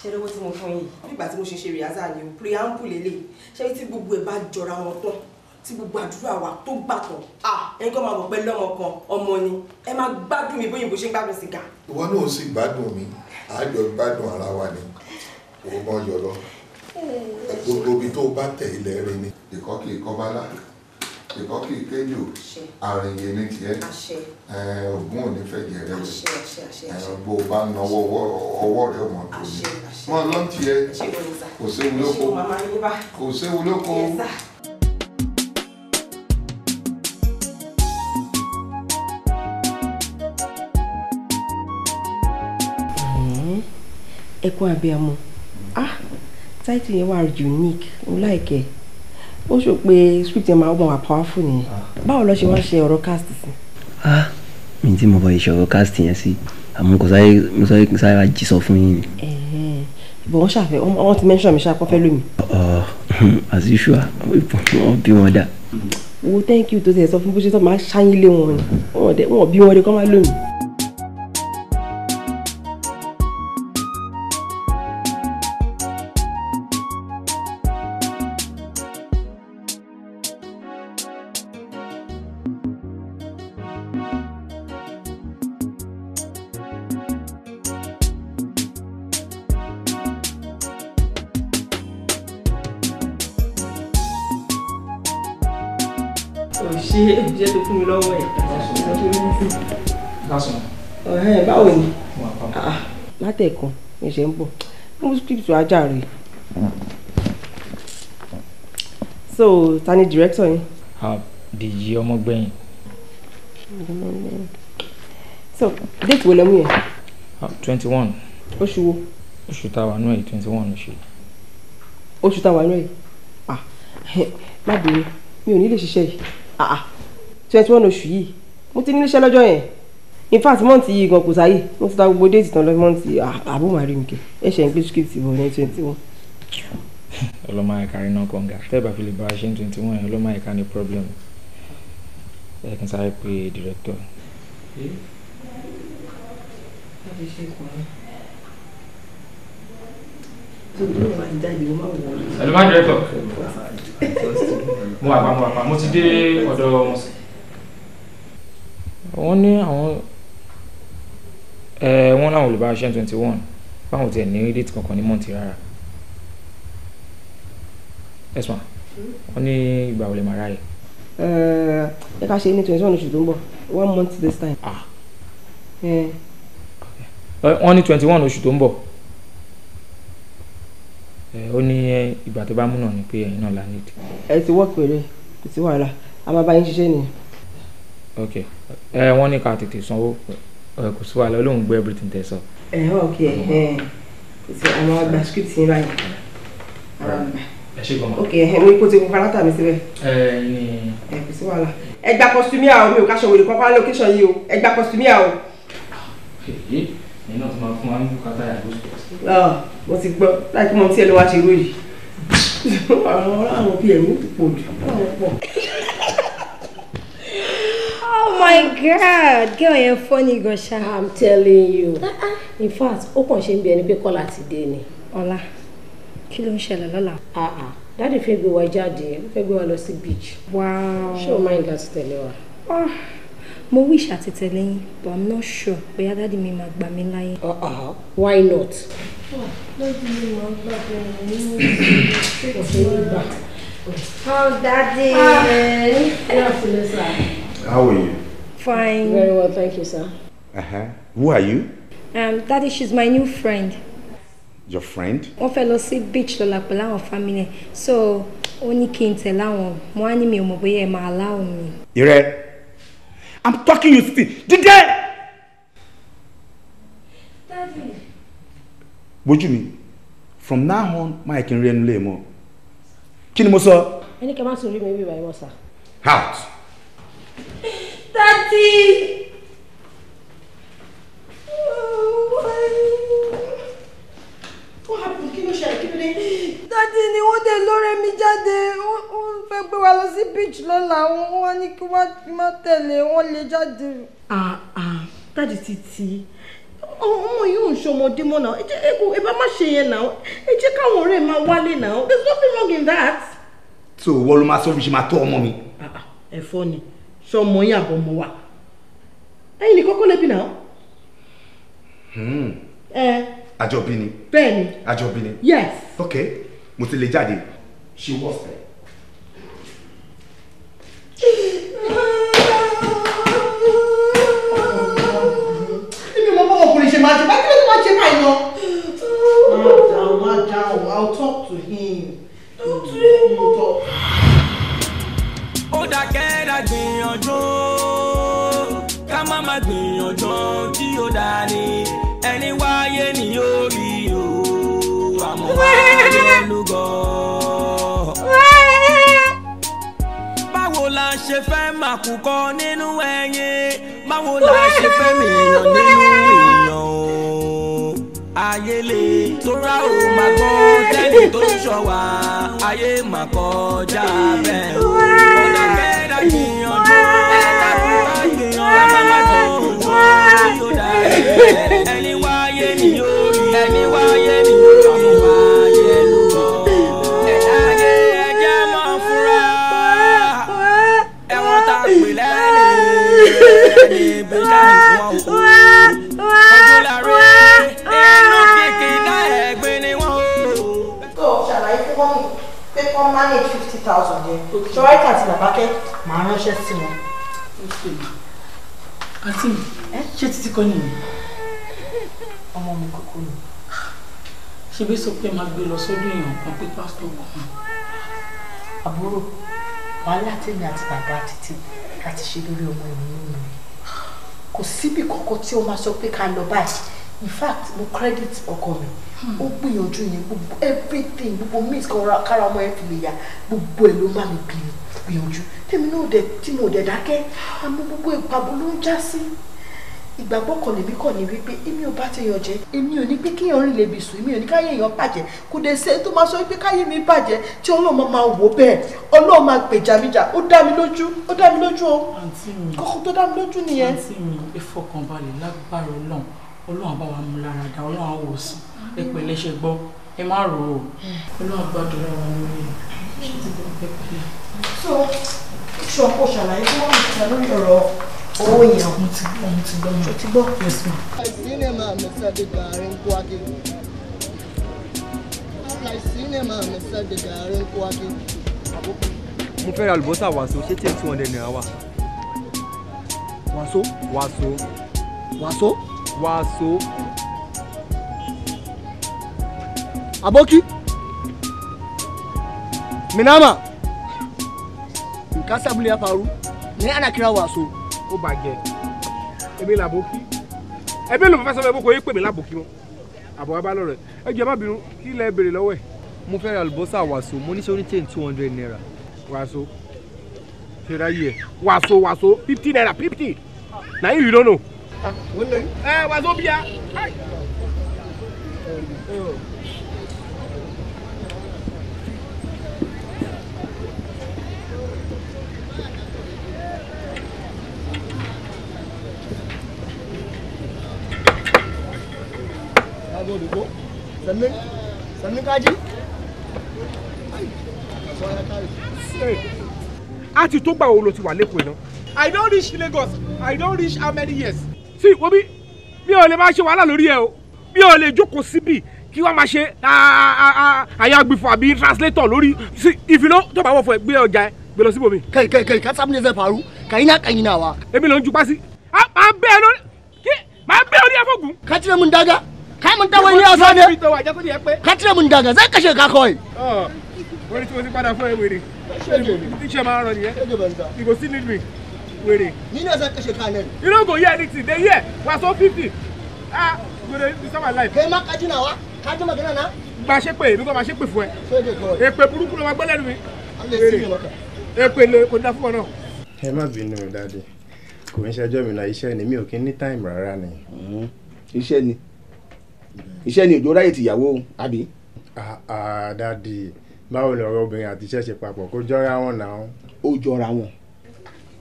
ṣé lówó tí mo fún yìí nígbà tí mo ṣe ṣe rìhásà ni o preamble lélẹ̀ ṣé tí gbogbo ẹ̀ bá jọra wọn tán tí gbogbo àdúrà wa tó gbà tán ẹni kan máa mọ̀ pé lọ́mọ kan ọmọ ni ẹ máa gbádùn mi bóyìnbó ṣe ń gbádùn sìgá. ìwọ náà sì gbádùn mi àjọ gbádùn ara wa ni òun mọ yọ lọ eh. gbogbo ibi tó bá tẹ ilẹ̀ rẹ ni ìkọ́kì ìkọ́bálá àṣekọ́ kì í kéjò àrùn yìí ní tiẹ̀ ogun ò ní fẹ́ jẹ rẹ o bó o bá na ọwọ́ rẹ ọmọ tó ní wọn lọ tiẹ̀ kò séwu lóko kò séwu lóko. ẹ̀kọ́ abiyamọ ah title yẹn wà unique mo like ẹ̀ ó ṣò pé script yẹn máa gbọ́n powerful ni. Ah. báwo lọ ṣe wá ṣe ọ̀rọ̀ cast sí. Ah, mi tí mo bọ ìṣòro cast yẹn sí àmọ́ kò sáré mo sáré sáré wá jí sọ fún yín ni. ìbọn wọn ṣàfẹ wọn ti mẹṣọ mi ṣàkọfẹ lómi. Oh, oh, [LAUGHS] as usual wọn bí wọn dà. wo thank you to ṣe sọ fún bó ṣe tó máa ṣáyín lé wọn ni wọn bí wọn dé kọ́ máa lómi. látẹ̀kàn ẹ̀ṣẹ̀ ń bọ̀ fún script ajá rè. so ta ni director yín. Dèjì Ọmọgbẹ́yìn. so date wo lẹ́mú yẹn. twenty one. oṣù wo. oṣù táwa náà yìí twenty one oṣù. oṣù táwa náà yìí ah má bèrè mi ò ní lè ṣiṣẹ́ yìí ah twenty one oṣù yìí mo ti ní iṣẹ́ lọ́jọ́ yẹn in fact mọ́ǹtì yìí gan kò sáyè mo ti ta gbogbo déètì tán lọ mọ́ǹtì ah, àbú màrí mi kẹ ẹ ṣe ń gbé script bọ̀ ní twenty one. ọlọ́mọ àyíká rí náà kọ̀ǹgà tẹ́ẹ̀bà fi lè bá a ṣe ní twenty one ọlọ́mọ àyíká ní problem ẹ kì í sáré pé director. ẹ̀lú director mo àgbà mo àgbà mo ti dé ọ̀dọ̀ wọn wọ́n ní àwọn ẹ wọ́n láwọn olùbára ṣe twenty one báwọn tiẹ̀ ní déètì kankan ní mọ́ǹtì rárá ẹ sùn wọ́n ní ìgbà wo lè máa ráyè. ẹ ká ṣe ní twenty one oṣù tó ń bọ̀ one month this time. Ah. wọ́n ní twenty one oṣù tó ń bọ̀ ó ní ìgbà tó bá mú náà ni pé ẹ̀yin náà la nídìí. ẹ ti wọ́ pèrè kò sí wàhálà a máa bá yín ṣiṣẹ́ nìyẹn. ok ẹ wọ́n ní ká tètè sanwó pẹ̀lú kò sí wàhálà olóhùn gbọ́ everything tẹ̀ sọ. ẹ ẹ ok ẹ kò sí àwọn àgbà script yín báyìí ẹ ṣe gbọmọ. ok ẹ mi kò ti kó kárátà mi síbẹ̀. ẹ ní. ẹ kò sí wàhálà. ẹ gba kọstumíà o mi ò káṣọ wèrè kọ́kọ́ location yìí o ẹ gba kọstumíà o. èyí náà ti máa fún wa ní bùkátà yàgò sports. mo ti gbọ́ láìpẹ́ mo ti ẹ̀ lọ́wọ́ àṣẹ ìró yìí. [LAUGHS] àwọn ọlọ́run bíi ẹ̀mí pò jù my god girl yẹn funny gan ṣá. i'm telling you uh-uh. in fact ó kàn ṣe ń bí ẹni pé kọ́lá ti dé ni. ọ̀la kí ló ń ṣẹlẹ̀ lọ́la. Uh-uh. dáàdi fẹ́ gbé wa jáde ó fẹ́ gbé wa lọ sí beach. wow ṣé o máa ń ga ti tẹ̀lé wa. Ah, mo wish àti tẹ̀lé yín but i'm not sure bóyá dáàdi mi máa gbà mí láyé. Uh-uh. why not. dáàdi Oh, Daddy. Hi. Ah. Good How are you? Fine. Very well, thank you, sir. Uh-huh. Who are you? Um, Daddy, she's my new friend. Your friend? Wọ́n fẹ́ lọ sí beach lọ́la pẹ̀lú àwọn family so only ní kí n tẹ̀lé àwọn mo á ní mi ò mọ̀ bóyá ẹ máa I'm talking you still, dídẹ́. Daddy. What you mean? from now on, máa can n rí more. lé mọ́. Kí ni mo sọ? Ẹnikẹ́ má tún rí mi bí ìwà ìwọ̀sà. Tati! What happened? Kí ló ṣẹlẹ̀? Kí ló dé? Tati ni wọ́n dé lórí mi jáde. Wọ́n fẹ́ gbé wa lọ sí beach lọ́la. Wọ́n ní kí wọ́n má tẹ̀lé. Wọ́n Ah, ah. Tati Titi ọmọ yìí ò ń ṣọmọdé mọ́ náà ẹ jẹ́ ẹ bá má ṣe yẹn náà ẹ jẹ́ káwọn ọ̀rẹ́ máa wálé náà there's nothing wrong in that. so wọ́n ló máa sọ fi ṣe máa tọ́ ọmọ mi. ẹ̀fọ́ ni sọmọ yín àbọ̀mọ̀ wa ẹ̀yin ní kọ́kọ́ lẹ́bi náà. Hmm. àjọbí ni. bẹ́ẹ̀ ni. àjọbí ni. yes. ok mo ti lè jáde she was there. ibi mo bá ọkùnrin ṣe máa ṣe báyìí kí ló máa ṣe báyìí lọ. má dáhùn má dáhùn I'll talk to him. don't do it kódà kẹ́ẹ̀dá gbìyànjú ká má má gbìyànjú tí ó dá ní ẹni wáyé ni yóò rí o àmọ́ wáyé lúgọ́. báwo la ṣe fẹ́ màkùkọ nínú ẹyin báwo la ṣe fẹ́ mìíràn nínú ìyẹn ayélé tó rà ó má gbọ́ tẹ́lẹ̀ tó ń ṣọ́ wa ayé má kọjá bẹ́ẹ̀ o. ọ̀nà kẹ́ẹ̀dá gbìyànjú ẹ̀ẹ́dá tó bá gbìyànjú àbámọ́tò owó yóò dá ẹ̀ ẹni wáyé ni yóò rí ẹni wáyé ni yóò rí àmúwá yẹ lùwọ́. ẹ̀dá ayé ẹja máa fura ẹ̀wọ̀n tá a pè lẹ́rìn-ín bẹ́ẹ̀. ránṣẹ́ sí wọn. àǹtí mi ṣé títí kọ́ nìyẹn. ọmọ mi kókó ni. ṣebí sọ pé máa gbé lọ sọ́dún èèyàn kan pé pásítọ̀ kan. àbúrò wàhálà tèmi àti bàbá títí láti ṣe lórí ọmọ ìlú mi kò síbi kankan tí ó máa sọ pé ká lọ báyìí in fact mo credit ọkọ mi hmm. ó gbìyànjú yẹn gbogbo everything gbogbo meat kára ọmọ yẹn fi lè yá gbogbo ẹ ló má mi bìrì gbìyànjú tèmi náà dẹ̀ tí mo dẹ̀ dákẹ́ àmọ́ gbogbo ìpàbò ló ń já sí ìgbàgbọ́ kan lèmi kọ̀ ní wípé èmi ò bá ti yàn jẹ́ èmi ò ní pé kéèyàn rìn lèbi sùn èmi ò ní káyé èèyàn bàjẹ́ kò dé ṣe tó máa sọ pé káyé mi bàjẹ́ tí ọlọ́run máa wò bẹ́ẹ̀ ọlọ́run máa pèjà mi jà ó dá mi lójú ó dá mi lójú o kókó tó dá mi lójú nìyẹn. àǹtí mi ìfọkànbalẹ̀ lágbára ọlọ́run ọlọ́run bá wa mú lára dá ọlọ́run á wò sùn ẹ pẹ̀lẹ́ ṣe gbọ́ ẹ má rò ó ọlọ́run gbàdúrà wa lórí ẹ so ṣé ọkọ ṣàlàyé fún wọn ìta lórí ọ̀rọ̀ owó yẹn ọ̀hún ti ọ̀hún ti gbọ́ mọ̀ ti gbọ́ yes ma. sinima mr degari nkwagi sinima mr degari nkwagi. mo fẹ́ ra àlùbọ́sà wàṣọ ṣé tí two hundred naira wà. wàṣọ. wàṣọ. wàṣọ. wàṣọ. aboki. minama ka samu ya faru ne ana kira waso ó bàjẹ́ èmi làbókí ẹbí ló fẹ́ sọ fẹ́ bókò yín pè mí làbókí mọ́ àbọ̀ wa bá lọ rẹ̀ ẹ jẹ́ má bínú kí lẹ béèrè lọ́wọ́ ẹ̀. mo fẹ́ ra àlùbọ́sà wàsó mo ní sórí chain two hundred naira. wàsó ṣe ra yìí ẹ wàsó wàsó fifty naira fifty na yìí lónà. ẹ wàsó bíyà. zo riko sannan sannan kaji àti tó gbà wo lo ti wà lẹ́kọ̀ọ́ iná. I don reach Lagos I don reach how many years. sí ìwọ bí mi ò lè máa ṣe wàhálà lórí ẹ o mi ò lè jókòó síbì kí wọ́n máa ṣe àyàgbìfọ̀ àbí translator lórí sí ìfìlọ́ tó bá wọ̀ fún ẹ gbé ọjà ẹ gbé lọ síbòmí. kẹ̀kẹ́ kẹ̀kẹ́ kásá mi ní ẹsẹ̀ pàrọ̀ kẹ̀yìn náà kẹ̀yìn náà wa. èmi ló ń jupá sí. máa bẹ́ẹ̀ lórí máa bẹ́ẹ̀ lórí ẹ̀fọ́gùn. kátìrẹ́mú ń dága kai mun ta wani yasa ne ka tire mun daga zai kashe ka kawai wani tí mo ti padà fún ẹ wèrè tí ṣe máa rọ nìyẹn you go still need me wèrè. ní ní ọ̀sán kashe ka náà. you no go hear anything dey hear wa so fifty ah you dey disturb my life. kèémà kájú náà wá kájú magana náà. gba ṣépè èmi kò máa ṣépè fún ẹ èpè burúkú ló máa gbọ́ lẹ́nu mi wèrè èpè lè kò dá fún ọ náà. ẹ má bínú dáadé kò ń ṣẹjọ́ mi náà iṣẹ́ ni mi ò kí ń ní táìmù rárá ni. Hmm. iṣẹ́ ni iṣẹ́ ni òjò ráyè tìyàwó àbí. dadi báwo lọ̀rọ̀ obìnrin àti iṣẹ́ ṣe papọ̀ kó jọra wọn náà. ó jọra wọn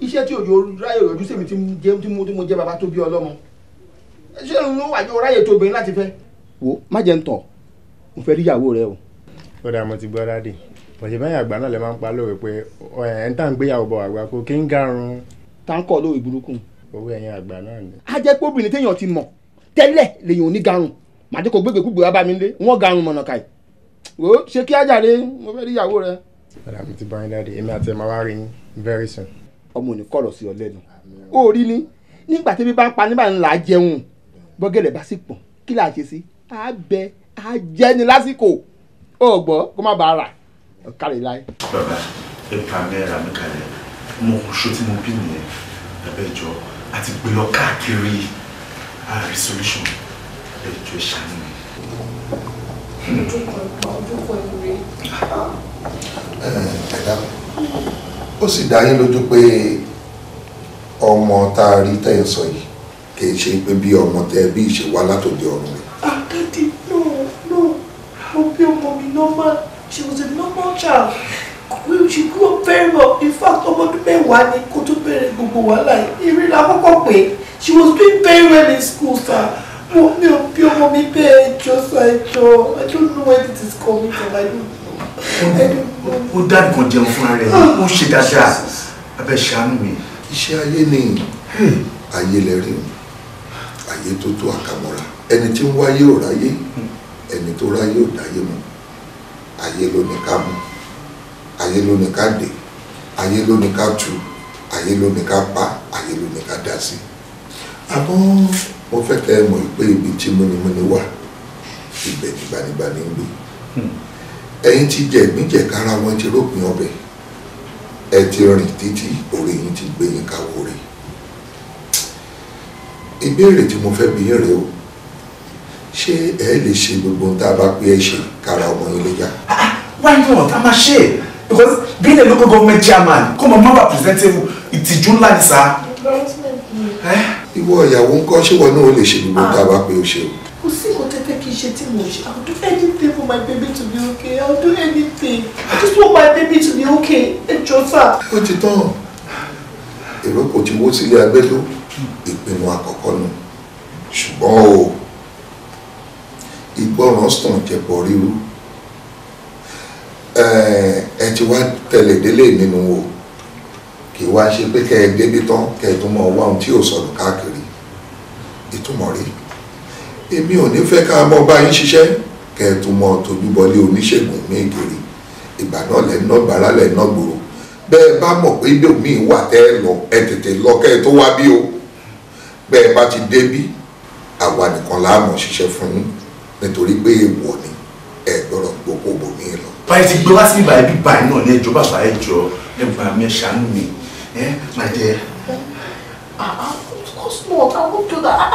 iṣẹ́ tí òjò ráyè òjò sèmi tí mo tí mo jẹ́ baba tó bí ọlọ́mọ ṣé òun ló wàjọ ráyè tó obìnrin láti fẹ́. wo má jẹ́ ń tọ̀ mo fẹ́ rí ìyàwó rẹ o. ó dáa mo ti gbọ́ dádì bọ̀dé báyìí àgbà náà lè máa ń pa lóore pé ẹ̀ ń tà ń gbéyàwó bọ̀ àgbà kó kí ń garun. táǹkọ̀ lóore burúkú. owó ẹ̀yìn àgbà náà ni. a jẹ́ pé obìnrin téèyàn ti mọ̀ tẹ́lẹ̀ lèèyàn ò ní garun màdé kò gbégbé gbogbo abá mi lé wọn garun mọ̀nà kàì wò ó ṣe kí ajáde mo fẹ́ rí ìyàwó rẹ. ọ̀la mi ti bá yín dáadé èmi àti ẹ̀ máa wá rí yín very soon. ọmọ òní kọ̀rọ̀ sí ọ lẹ́nu ó rí ni nígbà tí bí bá ń pa nígbà ńlá jẹun bọ́gẹ̀lẹ̀ bá sì pọ̀n kí là á ṣe sí á bẹ á jẹ́ ni lásìkò ó gbọ́ kó má bàa rà kárẹ̀ láyé. bàbá ẹ pa mẹ́ra mi kalẹ̀ mo ṣo tí mo bí nìyẹn abẹ́jọ́ àti gbé lọ káàkiri a resolution ẹjọ́ ṣàánú mi. ojú kan pa ojú kan ire. ẹ̀dá ó sì dá yín lójú pé ọmọ tá a rí tẹ̀ ń sọ yìí kì í ṣe pé bí ọmọ tẹ bí ìṣe wá látòdì ọ̀run ni. àkàdé ah, no no mo bí ọmọ mi normal she was a normal child she grew up very well in fact ọmọ ọdún mẹ́wàá ni kó tó bẹ̀rẹ̀ gbogbo wàhálà yìí eré la kọ́kọ́ pé she was doing very well in school sir mo mi ò bí ọmọ mi bẹ́ẹ̀ ẹjọ́ I don't know where this is coming from I don't know. ó dá nǹkan jẹun fúnra rẹ̀ ó ṣe dáadáa abẹ́ ṣàánú mi. iṣẹ́ ayé ni ayé lẹ rí ayé tó tó àkàmọ́ra ẹni tí ń wáyé ò ráyé ẹni tó ráyé ò dáyé mọ́ ayé ló ní ká mú ayé ló ní ká dé ayé ló ní ká tu ayé ló ní ká pa ayé ló ní ká dá sí. àmọ́ mo fẹ́ kẹ́ ẹ mọ̀ pé ibi tí múnimúni wà ibẹ̀ ni ń gbé hmm. ẹ̀yin ti jẹ ìgbíjẹ kára wọn ti rópin ọbẹ̀ ẹ ti rìn títí orí yín ti gbé yín káwó rè ìbéèrè tí mo fẹ́ bi yín rèé o ṣé ẹ lè ṣe gbogbo tá a bá pé ẹ ṣe kára ọmọ yín lè yá. why not a máa ṣe because being a local government chairman kó mọ mọ́ bá presenting ìtìjú ńlá ni sáà ìwọ ìyàwó ń kọ́ ṣé wọn náà lè ṣe gbogbo tá a bá pé o ṣe o. kò sí nǹkan tẹ́tẹ́ kí n ṣe tí mo ṣe I will do anything for my baby to be okay I will do anything I just want my baby to be okay ẹ jọ sá. ó ti tán èrò kò ti wó sílé agbẹ́dọ́ ìpinnu àkọ́kọ́ nù ṣùgbọ́n o ìgbọràn sàn jẹ̀bọ ríru ẹ ti wá tẹ̀lé délé nínú o kì í wá ṣe pé kẹ́ ẹ débi tán kẹ́ ẹ tó mọ wá ohun tí ò sọnù káàkiri ìtumọ̀ rí èmi ò ní fẹ́ ká mọ bá yín ṣiṣẹ́ kẹ́ ẹ tó mọ tójú bọlé oníṣègùn mí kiri ìgbà náà lẹ́ ná gbàrà lẹ́ ná gbòòrò bẹ́ẹ̀ bá mọ̀ pé ibẹ̀ mi wà tẹ́ ẹ lọ ẹ tètè lọ kẹ́ ẹ tó wá bí o bẹ́ẹ̀ bá ti débí àwa nìkan la mọ̀ ṣiṣẹ́ fún yín nítorí pé èèwọ̀ ni ẹ gbọ́dọ̀ gbogbo bòmí lọ. báyìí ti gbọ́ wá sí ibà ẹbí báyìí ní ẹjọ́ bàbá ẹjọ́ ẹ gbà ẹ ṣàánú mi. Eh, my dear. Ah, uh, of course not. I won't do that. Ah,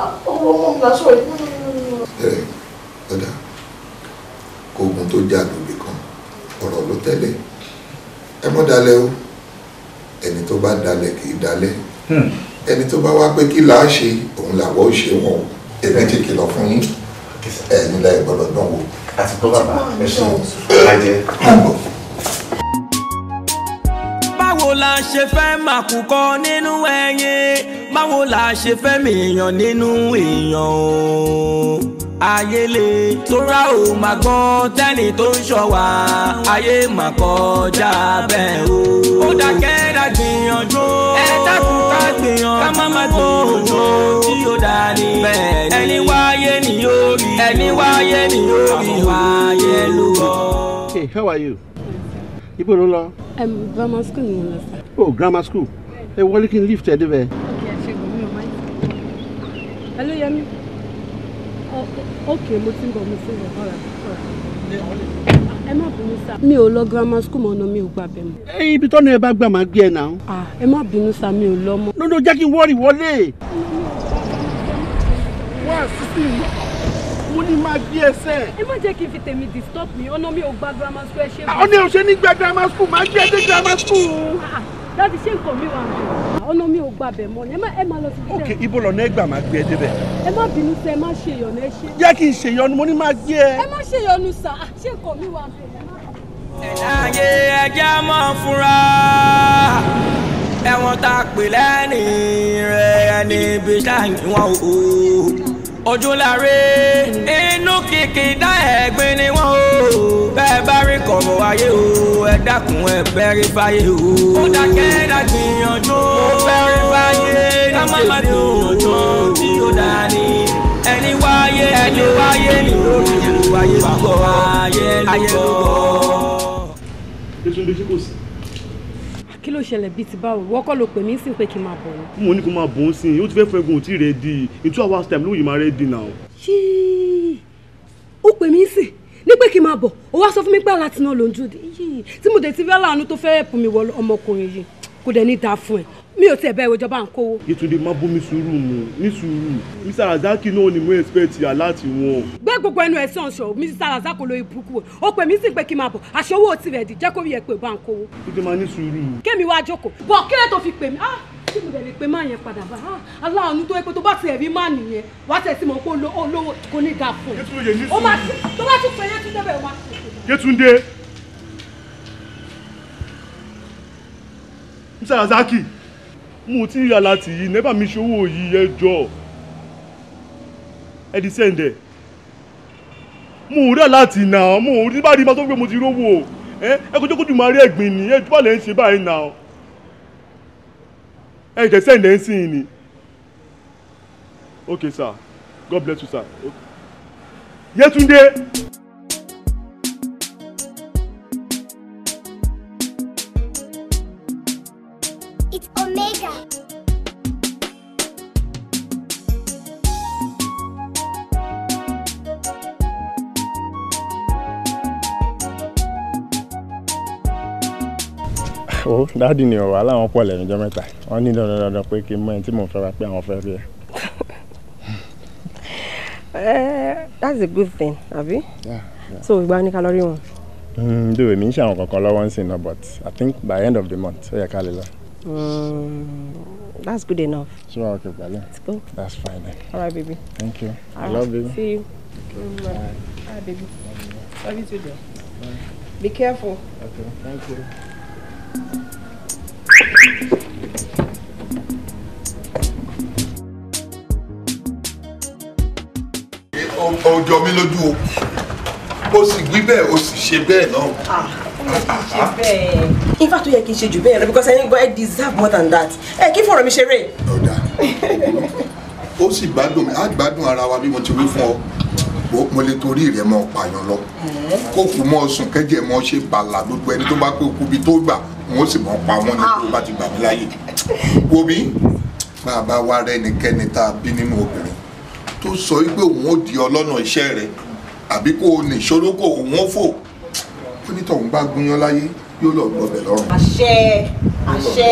ah, ah oh, mom, that's right. No, no, no, no. Hey, Ada. Kogun tó jà lóbi kan. Ọ̀rọ̀ ló tẹ́lẹ̀. Ẹ mọ́ dalẹ̀ o. Ẹni tó bá dalẹ̀ kì í dalẹ̀. Hmm. Ẹni tó bá wá pé kí là á ṣe, òun làwọ̀ ó ṣe wọn. Èmi ti kìlọ̀ fún yín. Ẹ̀yin la ẹ̀ gbọ́dọ̀ dánwò. Àti bàbá ẹ̀ ṣe báwo la ṣe fẹ́ màkùkọ nínú ẹyin báwo la ṣe fẹ́ mèèyàn nínú èèyàn o ayélé tóra ò máa gbọ́n tẹ́ni tó ń ṣọ̀wá ayé mà kọjá bẹ́ẹ̀ o. ó dákẹ́ dá gbìyànjú. ẹ dákun ká gbìyànjú. ká má má gbìyànjú tí ó dá ní. ẹni wáyé ni yóò rí. ẹni wáyé ni yóò rí. wáyé ló rọ. Hey, how are you? ibo ló lọ. grammar school ni mo lọ sá. oh grammar school ẹ wọlé kí n lift ẹ débẹ̀. ok ṣègùn mi ò máa ń tẹ̀. hello Yami. ok mo ti ń bọ̀ mo ti ń bọ̀ bọ́ra ẹ má bínú sá. mi ò lọ grammar school mọ́ ọ̀nà mi ò gbà bẹ́ẹ̀ mọ́. ẹyin ibi tọ́nu ẹ bá gbà máa gbé ẹ náà. ah ẹ má bínú sá mi ò lọ mọ́. lọ́dọ̀ jẹ́ kí n wọ́ọ̀rì wọlé. wá sísè yìí mo ní máa gbé ẹsẹ̀. ẹ má jẹ́ kí n fi tèmi disturb mi ọ̀nà mi ò gba grammar school ẹ ah, ṣe. ọ̀nà ò ní gba grammar school máa gbé ẹ grammar school. láti ah, ah, ṣe nǹkan mi wà ọ̀nà mi ò gbàbẹ̀ mọ́ ni ẹ má lọ sí ibi tẹ́. ok ibo lọ́nà ẹgbàá máa gbé ẹ débẹ̀. ẹ má bínú sẹ ẹ má ṣe ìyọnu ẹ ṣe. jẹ́ kí n ṣe ìyọnu mo ní máa gbé ẹ. ẹ má ṣe ìyọnu sà ṣe nǹkan mi wà bẹ̀. ẹ̀dáyé ẹja máa fura ẹ̀wọ̀n tá pè lẹ́ni rẹ̀ ẹni ibi sáà ní wọn ò ojúláre inú kìkì dá ẹ̀gbin ni wọ́n o bẹ́ẹ̀ bá rí kọ̀rọ̀ ayé o ẹ dákun ẹ bẹ́rí fáyé o. ó dákẹ́ dá gbìyànjú ó bẹ́rí fáyé ká má má gbìyànjú tí ó dá ní. ẹni wáyé ẹni wáyé ni lórí ìlú ayé lúgọ ayé lúgọ. ètò ìdíje kò sí kí ló ṣẹlẹ̀ bíi ti báwo wọ́kọ́ ló pè mí sí pé kí n máa bọ̀ ni. mo ní kó máa bọ̀ ń sìn ó ti fẹ́ fún egun tí rẹ̀ di in two hours time ló yìí máa rẹ̀ di náà. yíì ó pè mí sìn ní pé kí n máa bọ̀ ó wá sọ fún mi pé aláàtì náà ló ń dúró tí mo dé ti rí aláàánú tó fẹ́ pùn mi wọ ọmọkùnrin yìí kò dẹ̀ ní dáa fún ẹ mi ò tiẹ̀ bẹ́ẹ̀ wo ìjọba à ń kówó. Yétúndé má bómi sùúrù mu ní sùúrù Mr Razaki náà ni mo expect yà láti wọn. gbé gbogbo ẹnu ẹ sí ọ̀ṣọ́ Mr Razaki olóyè burúkú o ó pè mí sí pé kí n máa bọ̀ àṣẹ owó ti rẹ̀ dì jẹ́ kó rí ẹ pé bá ń kówó. Yétúndé má ní sùúrù. kémi wá jókòó bọ̀ kílẹ̀ tó fi pè mí tí ah, mo dẹ̀ lè pe máa yẹn padà bá ah, aláàánú tó yẹ pé tó bá ti ẹ̀rí máa nìyẹn wá tẹ̀ sí mọ̀ pé olówó kò ní ga fún un tó bá tún pe Yétúndé bẹ́ẹ̀ wá sí. Yétúndé Mr Razaki mo ti ń yà láti yìí nẹ́bà mi ṣòwò yìí ẹ jọ ẹ di sẹ́ǹdẹ̀ mo rí àláàtì náà mo rí bá rí ma tó gbé mo ti rówó ẹ kọjọ́ kó dùn máa rí ẹ̀gbìn ni ẹ jù bá ṣe báyìí náà ẹ jẹ́ sẹ́ǹdẹ̀ ń sìn ni okay sir god bless you sir Yétúndé. Okay. dáàdì ni ọ̀wá láwọn pọ̀ lẹ́nu ọjọ́ mẹ́ta wọ́n ní dandan pé kí n mọ ẹni tí mò fẹ́ wá pé àwọn fẹ́ rí ẹ. [LAUGHS] Eh, that's a good thing àbí yeah, so ìgbà ni ká lọ rí wọn. do hmm, èmi ń ṣe àwọn kankan lọ́wọ́ ń náà but i think by end of the month ó yẹ ká lè lọ. Hmm, that's good enough. sure okay pẹ̀lú let's go that's fine then. all right baby. thank you i love you. see you. Bye. Bye, baby. Love you too, dear. Bye. Be careful. Okay, thank you ó jọ mí lójú o ó sì wí bẹ́ẹ̀ ó sì ṣe bẹ́ẹ̀ náà. Ah, ṣe bẹ́ẹ̀ ifá yẹ kí n ṣe jù bẹ́ẹ̀ lọ because I gbọ́ ẹ deserve more than that ẹ kí fọ̀rọ̀ mi ṣeré. ọ̀dà ó sì gbádùn mi á gbádùn ara wa bí mo ti wí fún ọ mo lè torí rẹ mọ pààyàn lọ kó kú mọ sùn kẹjẹ mọ ṣe bàlà gbogbo ẹni tó bá pé kú bí tó gbà wọn sì mọ̀ pa wọ́n ní ah. tó bá ti gbà mí láyè wo mi bàbá wa rẹ nìkẹ́ni tá a bí nínú obìnrin tó sọ wípé òun ó di ọlọ́nà iṣẹ́ rẹ àbí kó o nìṣòro kó òun ó fò ó ní tọ̀hún bá gúnyán láyé yóò lọ gbọbẹ̀ lọ́rùn. àṣẹ àṣẹ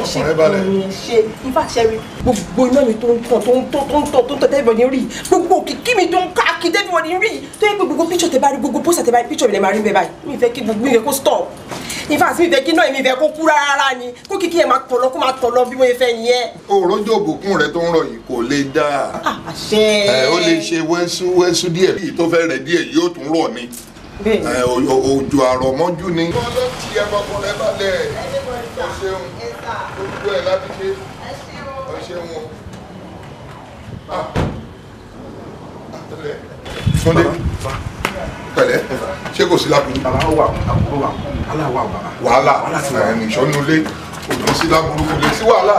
ẹ ṣe kùnrin ṣe ifá ṣẹrí. gbogbo iná mi tó ń tàn tó ń tàn tó ń tàn tó ń tàn tẹ́lifọ̀ rí gbogbo òkìkí mi tó ń ká kí tẹ́lifọ̀ rí tó yẹ gbogbo píṣọ̀ tẹ bá rí gbogbo pósà tẹ bá rí píṣọ̀ mi máa rí bẹ́ẹ̀ báyìí mi fẹ́ kí gbogbo ìyẹn kó stop in fact mi fẹ́ kí náà mi fẹ́ kó kú rárá ni kó kíkí ẹ̀ máa tọ̀ lọ kó máa tọ̀ lọ bí wọ́n fẹ́ yẹn. òròjò òbòkun rẹ tó ń rọ yìí kò lè dáa. Ah, àṣẹ. ẹ ó lè ṣe wẹ́sú wẹ́sú díẹ̀ bí tó fẹ́ rẹ̀ díẹ̀ yóò tún rọ̀ ni. bẹ́ẹ̀ òjò àrọ̀mọ́jú ni. ọlọ́ ti ẹ bọ́kọ̀rẹ́ balẹ̀ ẹ ṣeun gbogbo ẹ̀ láti ṣe ẹ ṣeun pẹ̀lẹ́ ṣé kò sí láburú. bàbá wà àbúrò wà wàhálà wà bàbá. wàhálà ìṣọ́nulé òjò sí láburú kò lè sí wàhálà.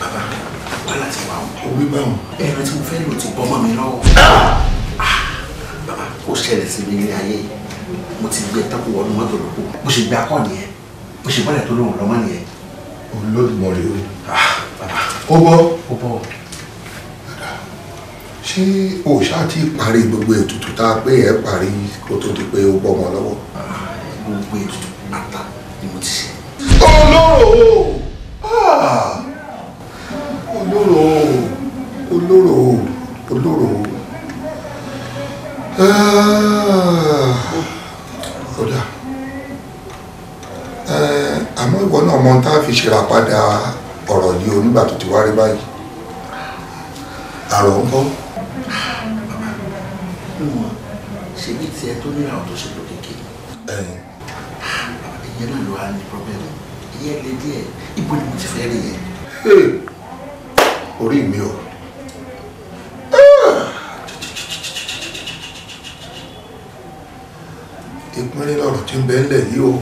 bàbá wàhálà ti wà orí báwọn ẹran tí mo fẹ́ lò ti bọ́ mọ́ mi lọ́wọ́. bàbá ó ṣẹlẹ̀ sí mi ní ayé mo ti gbé tako wọnú mọ́tò lóko mo ṣe gbé akọ nìyẹn mo ṣe bọ́lẹ̀ tó lóhùn lọ́mọ nìyẹn. olódùmọ̀rẹ́ o. Ah, bàbá ó bọ́ ó bọ́ ṣé o ṣáà ti parí gbogbo ètùtù tá a pé ẹ parí kó tó di pé o bọ́ ọmọ lọ́wọ́. gbogbo ètùtù pátá ni mo ti ṣe. olóró ah! olóró olóró olóró kódà ah! eh, àmọ́ ìwọ náà mọ tá a fi ṣera padà ọ̀rọ̀ yìí onígbà tó ti wá rí báyìí àrò ń bọ́ pè wọ́n ṣe bí tiẹ̀ tó ní àwọn tó ṣe lò kéèké. ìyẹn náà ló wà ní pọ́bẹ́lì ìyẹn lè díẹ̀ ibo ni mo ti fẹ́ rí yẹn. orí mi o. ìpínlẹ̀ lọ́rùn ti ń bẹ ńlẹ̀ yìí o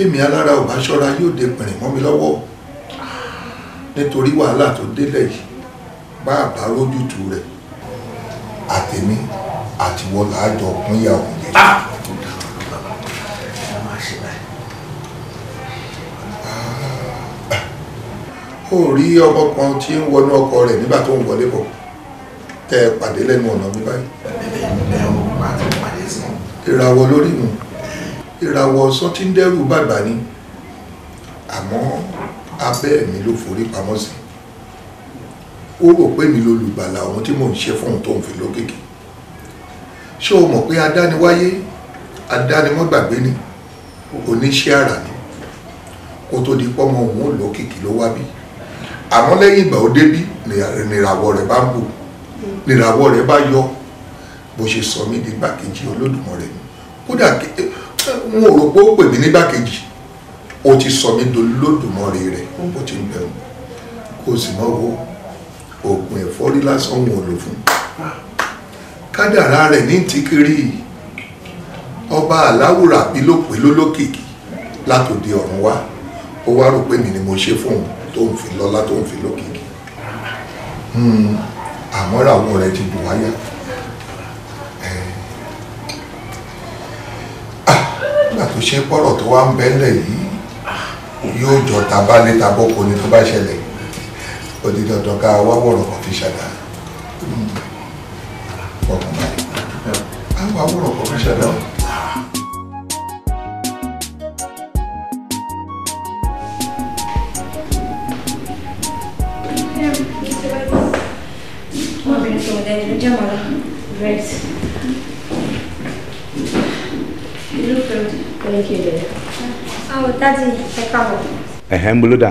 èmi alára ò bá ṣọ́ra yóò dé pìnrìn mọ́ mi lọ́wọ́ nítorí wàhálà tó délẹ̀ yìí bá àbá rójútu rẹ̀ àtẹ̀mí àtiwọ́ làájọ pín ìyá òun jẹ. Ah! ó rí ọmọ kan tí ń wọnú ọkọ rẹ̀ nígbà tó ń wọlé bọ̀ tẹ pàdé lẹ́nu ọ̀nà mi báyìí. ìràwọ̀ lórí nù ìràwọ̀ sọtíndẹ́rù bàbá ni àmọ́ abẹ́ mi ló forí pamọ́ sí i ó rò pé mi lolùgbàlà òun tí mò ń ṣe fóun tóun fi lókìkí ṣé o mọ̀ pé adániwáyé adánimọ́gbàgbé ni oníṣẹ́ àrà ni kó tó di pọ́mọ òun ò lókìkí ló wá bí àmọ́ lẹ́yìn ìgbà ó débí nìràwọ̀ rẹ̀ bá ń bò nìràwọ̀ rẹ̀ bá yọ bó ṣe sọ mí di gbàkejì olódùmarè ni kódà eh, n ò rò pé ó pè mí ní gbàkejì ó ti sọ mí dolódùmarè rẹ̀ ó ti ń bẹ̀rù kó o sì mọ̀ wo oògùn ẹ̀fọ́rí lásán wọn ò lò fún kádàrá rẹ̀ ní tìkìrì ọba aláwùrà bí ló pè lólókìkí látòdì ọ̀run wá ó wá rò pé mi ni mo ṣe fóun tó ń fi lọ́lá tó ń fi lókìkí hmm, àmọ́ ràwọn rẹ̀ ti bù wáyà ah, nígbà tó ṣe pọ́rọ̀ tó wá ń bẹ́lẹ̀ yìí yóò jọ tabalẹ̀ tabọ́kọ ni tó bá ṣẹlẹ̀ ó di dandan ká wá wọ̀rọ̀ kan fi ṣàdá ọmọ náà á wá wọ̀rọ̀ kan fi ṣàdá. Great. You look good. Thank you, dear. Oh, Daddy, I come. Ẹ̀hẹ́n, Buluda.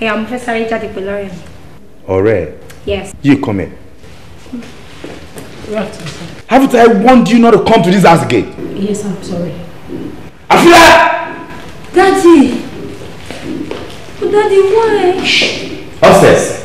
Ẹ̀yà, mo fẹ́ sáré jáde pẹ̀lú ọ̀rẹ́ mi. Ọ̀rẹ́. Yes. You come in. Right, sir. Haven't I warned you not to come to this house again? Yes, I'm sorry. Afia. Daddy! But Daddy, why? Shh! Upstairs.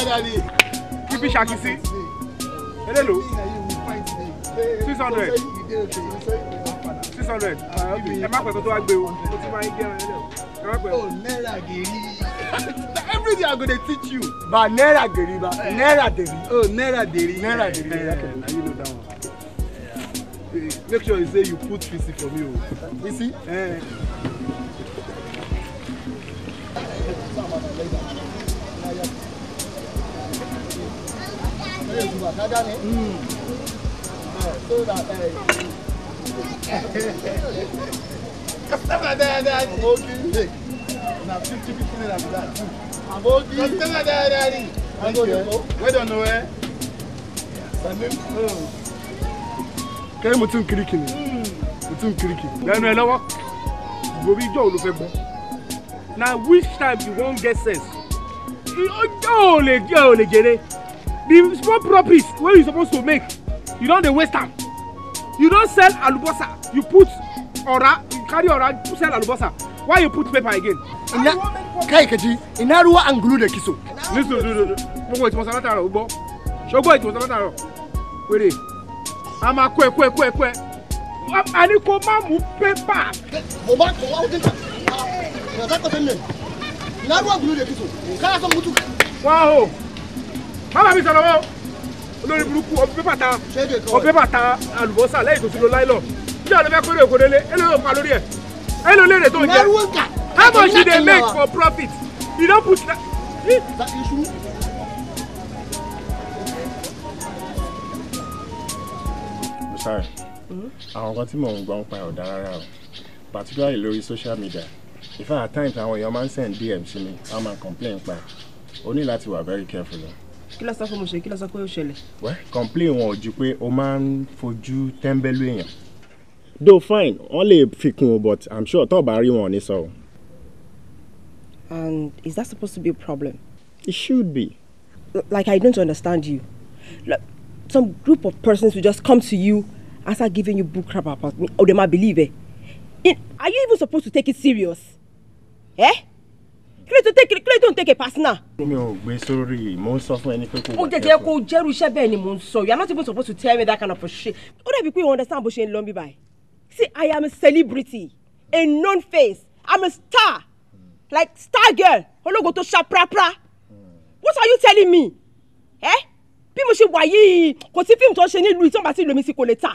Keep it shaky, see? Hello? 600. 600. Ẹ má pẹ̀sọ́ tó wá gbé o. Mo ti máa ń gé ẹran ẹlẹ́wọ̀. Ẹ má Oh, náírà gèrí. Everything I go teach you. Ba náírà gèrí ba. Eh. Náírà dèrí. Oh, náírà dèrí. Náírà dèrí. Na you know that one. Make sure you say you put fisi for me o. Fisi? lè ju bàtà dání. Customer there, there. Abogi. Hey, na fifty fifty naira be that. Abogi. Customer there, there. Thank you. We don't know where. Salim. Kẹ́rin mo ti ń kiri kiri. Mo ti ń kiri kiri. Lẹ́nu ẹ lọ́wọ́. Gbòbí ijó ò ló fẹ́ gbọ́. Na which time you wan get sense? Ọjọ́ ò lè jẹ́ ò lè jèrè the small profit wey you suppose to make you don dey waste am you don sell alubosa you put ora, you carry you sell alubosa why you put paper again. ina kai kaji ina ruwa angulu da kiso. nisun dudu gbogbo ìtumọ̀sán látàrọ̀ gbọ́ ṣogbó ìtumọ̀sán látàrọ̀ wéré a máa kó ẹ kó ẹ kó ẹ kó ẹ a ní kó má mú pépà. mo bá kọ wáwó dínkà ọ̀rọ̀ ká kọ́ sẹ́ni lẹ̀ ina ruwa angulu da kiso káyà sọ mutu. wáhó. Wow má mi sọ̀rọ̀ wọ́n olórí burúkú ọbẹ̀ bàtà ọbẹ̀ bàtà àlùbọ́sà lẹ́yìn tó ti lo láìlọ̀ bí àlọ́ bẹ́ẹ̀ kórè òkòdélé eléyìí òǹkà lórí ẹ̀ eléyìí olóore tó ń jẹ how much you dey make for profit you don put na. Hm? sorry hmm? àwọn kan tí mò ń gbọ́ ń pa ọ̀dà rárá o particularly lórí social media If fact at times àwọn èèyàn máa ń send DM sí mi wọ́n máa complain pa o ní láti wà very careful o kí ló sọ fún mo ṣe kí ló sọ pé ó ṣẹlẹ̀. wẹ́ complain wọn ò ju pé o máa ń fojú tẹ́ńbẹ́lú èèyàn. though fine wọn lè fi kún o but i'm sure tó o bá rí wọn ò ní sọ and is that supposed to be a problem. it should be. like i don't understand you like, some group of persons will just come to you and start giving you book crap about me or oh, they might believe it. Eh? are you even supposed to take it serious? Eh? kílẹ̀ tó tẹ̀kẹ̀ kílẹ̀ tó ń tẹ̀kẹ̀ personal. mi ò gbé sórí mò ń sọ fún ẹni pé kò wà kẹ́kọ̀ọ́. ó jẹjẹ kó jẹ́rú iṣẹ́ bẹ́ẹ̀ ni mò ń sọ you are not even supposed to tell me that kind of shit. ó dàbí pé you understand bó ṣe ń lọ mi báyìí. see i am a celebrity a known face I'm a star like star girl ológo tó ṣá prapra. what are you telling me? Eh? bí mo ṣe wà yìí kò sí fíìmù tó ṣe nílùú tí wọn bá ti lò sí kò lè tà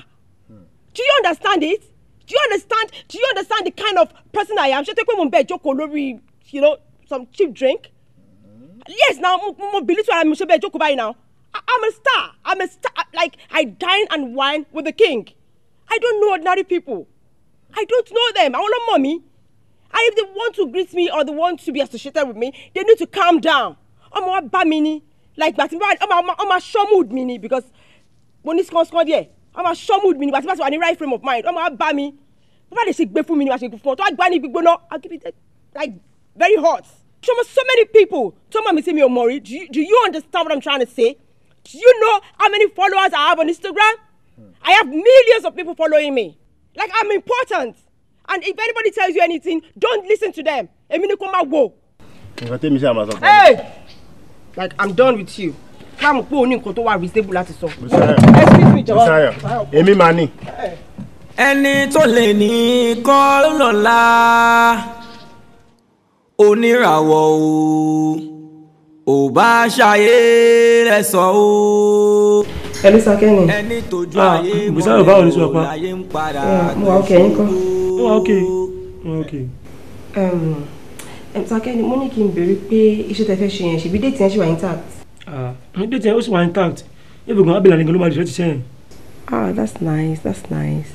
do you understand it do you understand do you understand the kind of person i am ṣé tó pé mo ń bẹ ìjókòó lórí you know some cheap drink. yes now mobility. mo believe to now i'm a star i'm a star like i dine and wine with the king i don't know ordinary people i don't know them àwọn ọlọ́mọ mi and if they want to greet me or they want to be associated with me they need to calm down ọmọ wa bá mi ni like gbàtí bá I'm a sure mood mi ni because mo ní skankan díẹ̀ ọmọ sure mood mi ni gbàtí bá ti wà ní right frame of mind ọmọ wa bá mi bàbá lè ṣe gbé fún mi ni wàá ṣe gbé fún ọ tó wá gbá ní gbígbóná i'll give you that like very hot trauma so many people trauma me, sí mi ò do you do you understand what i'm trying to say do you know how many followers i have on instagram hmm. i have millions of people following me like i'm important and if anybody tells you anything don't listen to them èmi ni kò máa wò. nǹkan tẹ́mi hey like i'm done with you Come pé o ní nǹkan tó wà reasonable láti sọ. musayo èmi máa ní. ẹni tó lè ní kọ́ lọ́la oníràwọ̀ o ò bá ṣayé lẹ́sàn o. ẹni sakẹ́ni ẹni tójú ah, ayé mọ̀ ọ́ ní ọ̀la ayé ń padà eh, mo wà ókè yín kọ́. mo wà ókè mo wà ókè. mo ní kí n béèrè pé iṣẹ́ tẹ fẹ́ ṣe yẹn ṣèbí déètì yẹn ṣì wà intact. Ah, déètì yẹn ó sì wà intact ebi gan abilà nìkan ló máa dìrẹ́tì sẹ́yìn. ah that's nice that's nice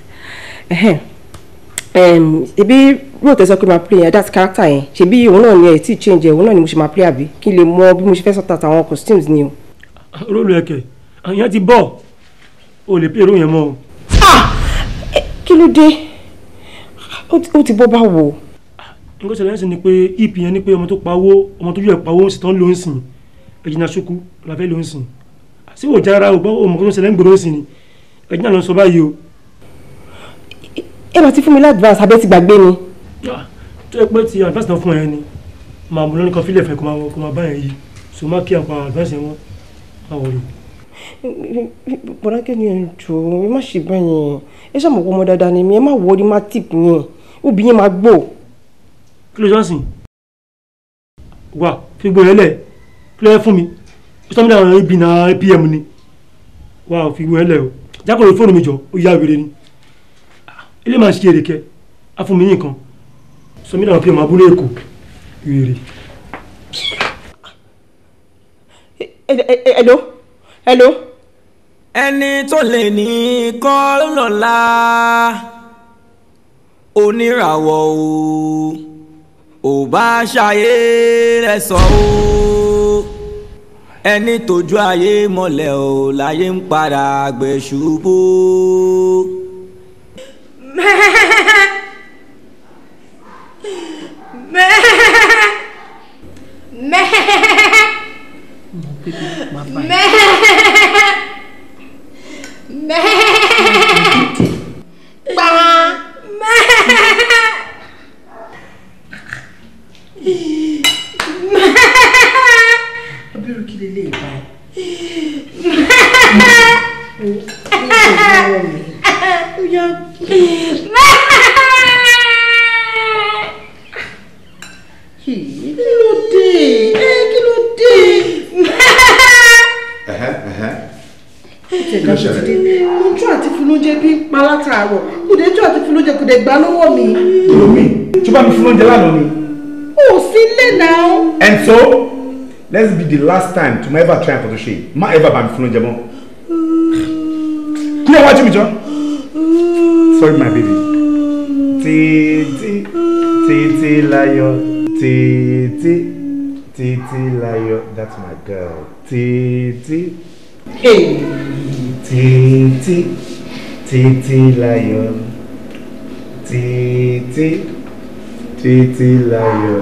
ebi rò tẹ́sán pé máa play yẹn that's character yẹn ṣebí òun náà ni ẹ̀ tí change ẹ̀ òun náà ni mo ṣe máa play àbí kí n lè mọ bí mo ṣe fẹ́ sọ̀tà àtàwọn costumes ni o. róòlù ẹ̀kẹ́ àyàn ti bọ̀ o lè play róòyìn mọ́ o. Ah! kí ló dé ó ti bọ́ bá wò. nǹkan ṣẹlẹ̀ ẹ̀sìn ni pé ip e yẹn ni pé ọmọ tó pawó ọmọ tó yọ pawó ń sìtàn ló ń sìn ẹ̀jìnà ṣukú làfẹ́ ló ń sìn síwò jára ò bá òmùkọ́ tó ṣẹlẹ̀ ń gbèrò ẹ máa ti fún mi ládùúrà abẹ́ ti gbàgbé ni. Ah, tó yẹ pé ti advance náà fún ẹ ni màá mú lónìí kan fílẹ̀ fẹ́ kó máa bá yẹn yìí so má kí àpá advance yẹn wọ́n máa wọ̀ lò. bọ̀dákẹ́ ni ẹ̀ jọ ẹ má ṣe bẹ́ẹ̀ yẹn ẹ ṣàmùkú ọmọ dáadáa ni mi ẹ má wọrí má tip yẹn òbí yẹn máa gbò. kí ló ṣe ń sìn wà fi gbò yẹn lẹ̀ kí ló yẹ fún mi ó sọ mi dáhùn ibi náà pm ni wà fi gbò yẹn lẹ̀ o jákòó lórí fóònù mi jọ ó yá wèrè ilé máa ṣe èrè kẹ afúnmi nìkan sọmi náà fi ọmọ abúlé èkó rere. hello hello. ẹni tó lè ní kọ́ lọ́la oníràwọ̀ o ò bá ṣayé lẹ́sàn o ẹni tójú ayé mọ́lẹ̀ o láyé ń padà gbẹ̀ṣubú. ما ما ما ما ما dẹ̀ gbà lọ́wọ́ mi. lomi tí o bá mi fún oúnjẹ lánàá ni. o sí lè náà. and so let's be the last time to ever try and photoshe má ever bá mi fún oúnjẹ mọ́. kí ló wá jí mi jọ. sorry my baby. títí títí láyọ̀ títí títí láyọ̀ that's my girl títí. Hey. Títí, títí láyọ̀ títí títí láyọ̀.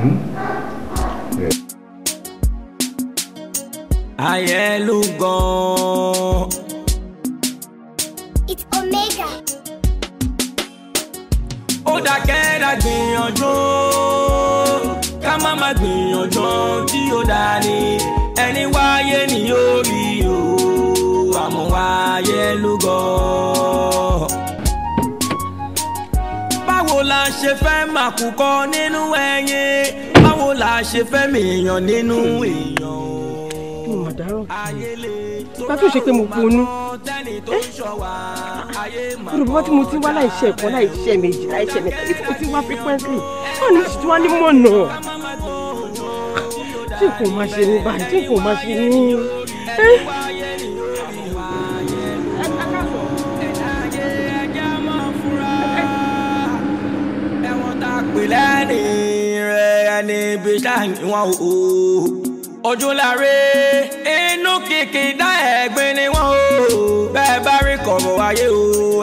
Hmm? Ayẹ̀lú gan-an. It's Omega. Ó dákẹ́ dá gbìyànjú ká má má gbìyànjú tí ó dá ní ẹni wáyé ni yóò rí o mu wáyé lúgọ. báwo la ṣe fẹ́ màkùkọ nínú ẹyin báwo la ṣe fẹ́ mèèyàn nínú èèyàn o. mi ò dárò ká tó ṣe pé mo gbónú olùbọ́ tí mo ti wá láìṣẹ́ ẹ̀kọ́ láìṣẹ́ méjì láìṣẹ́ mẹ́ta tí mo ti wá frequently wọ́n ní ṣùtú wá ní mọ̀nà tí kò máa ṣe ní báyìí tí kò máa ṣe ní. Eh? pè lẹ́rìn rẹ̀ ní bíṣà ìwọ̀n o. ojúláre inú kìkì dá ẹ̀gbin ni wọ́n o. bẹ́ẹ̀ bá rí kọ̀rọ̀ ayé o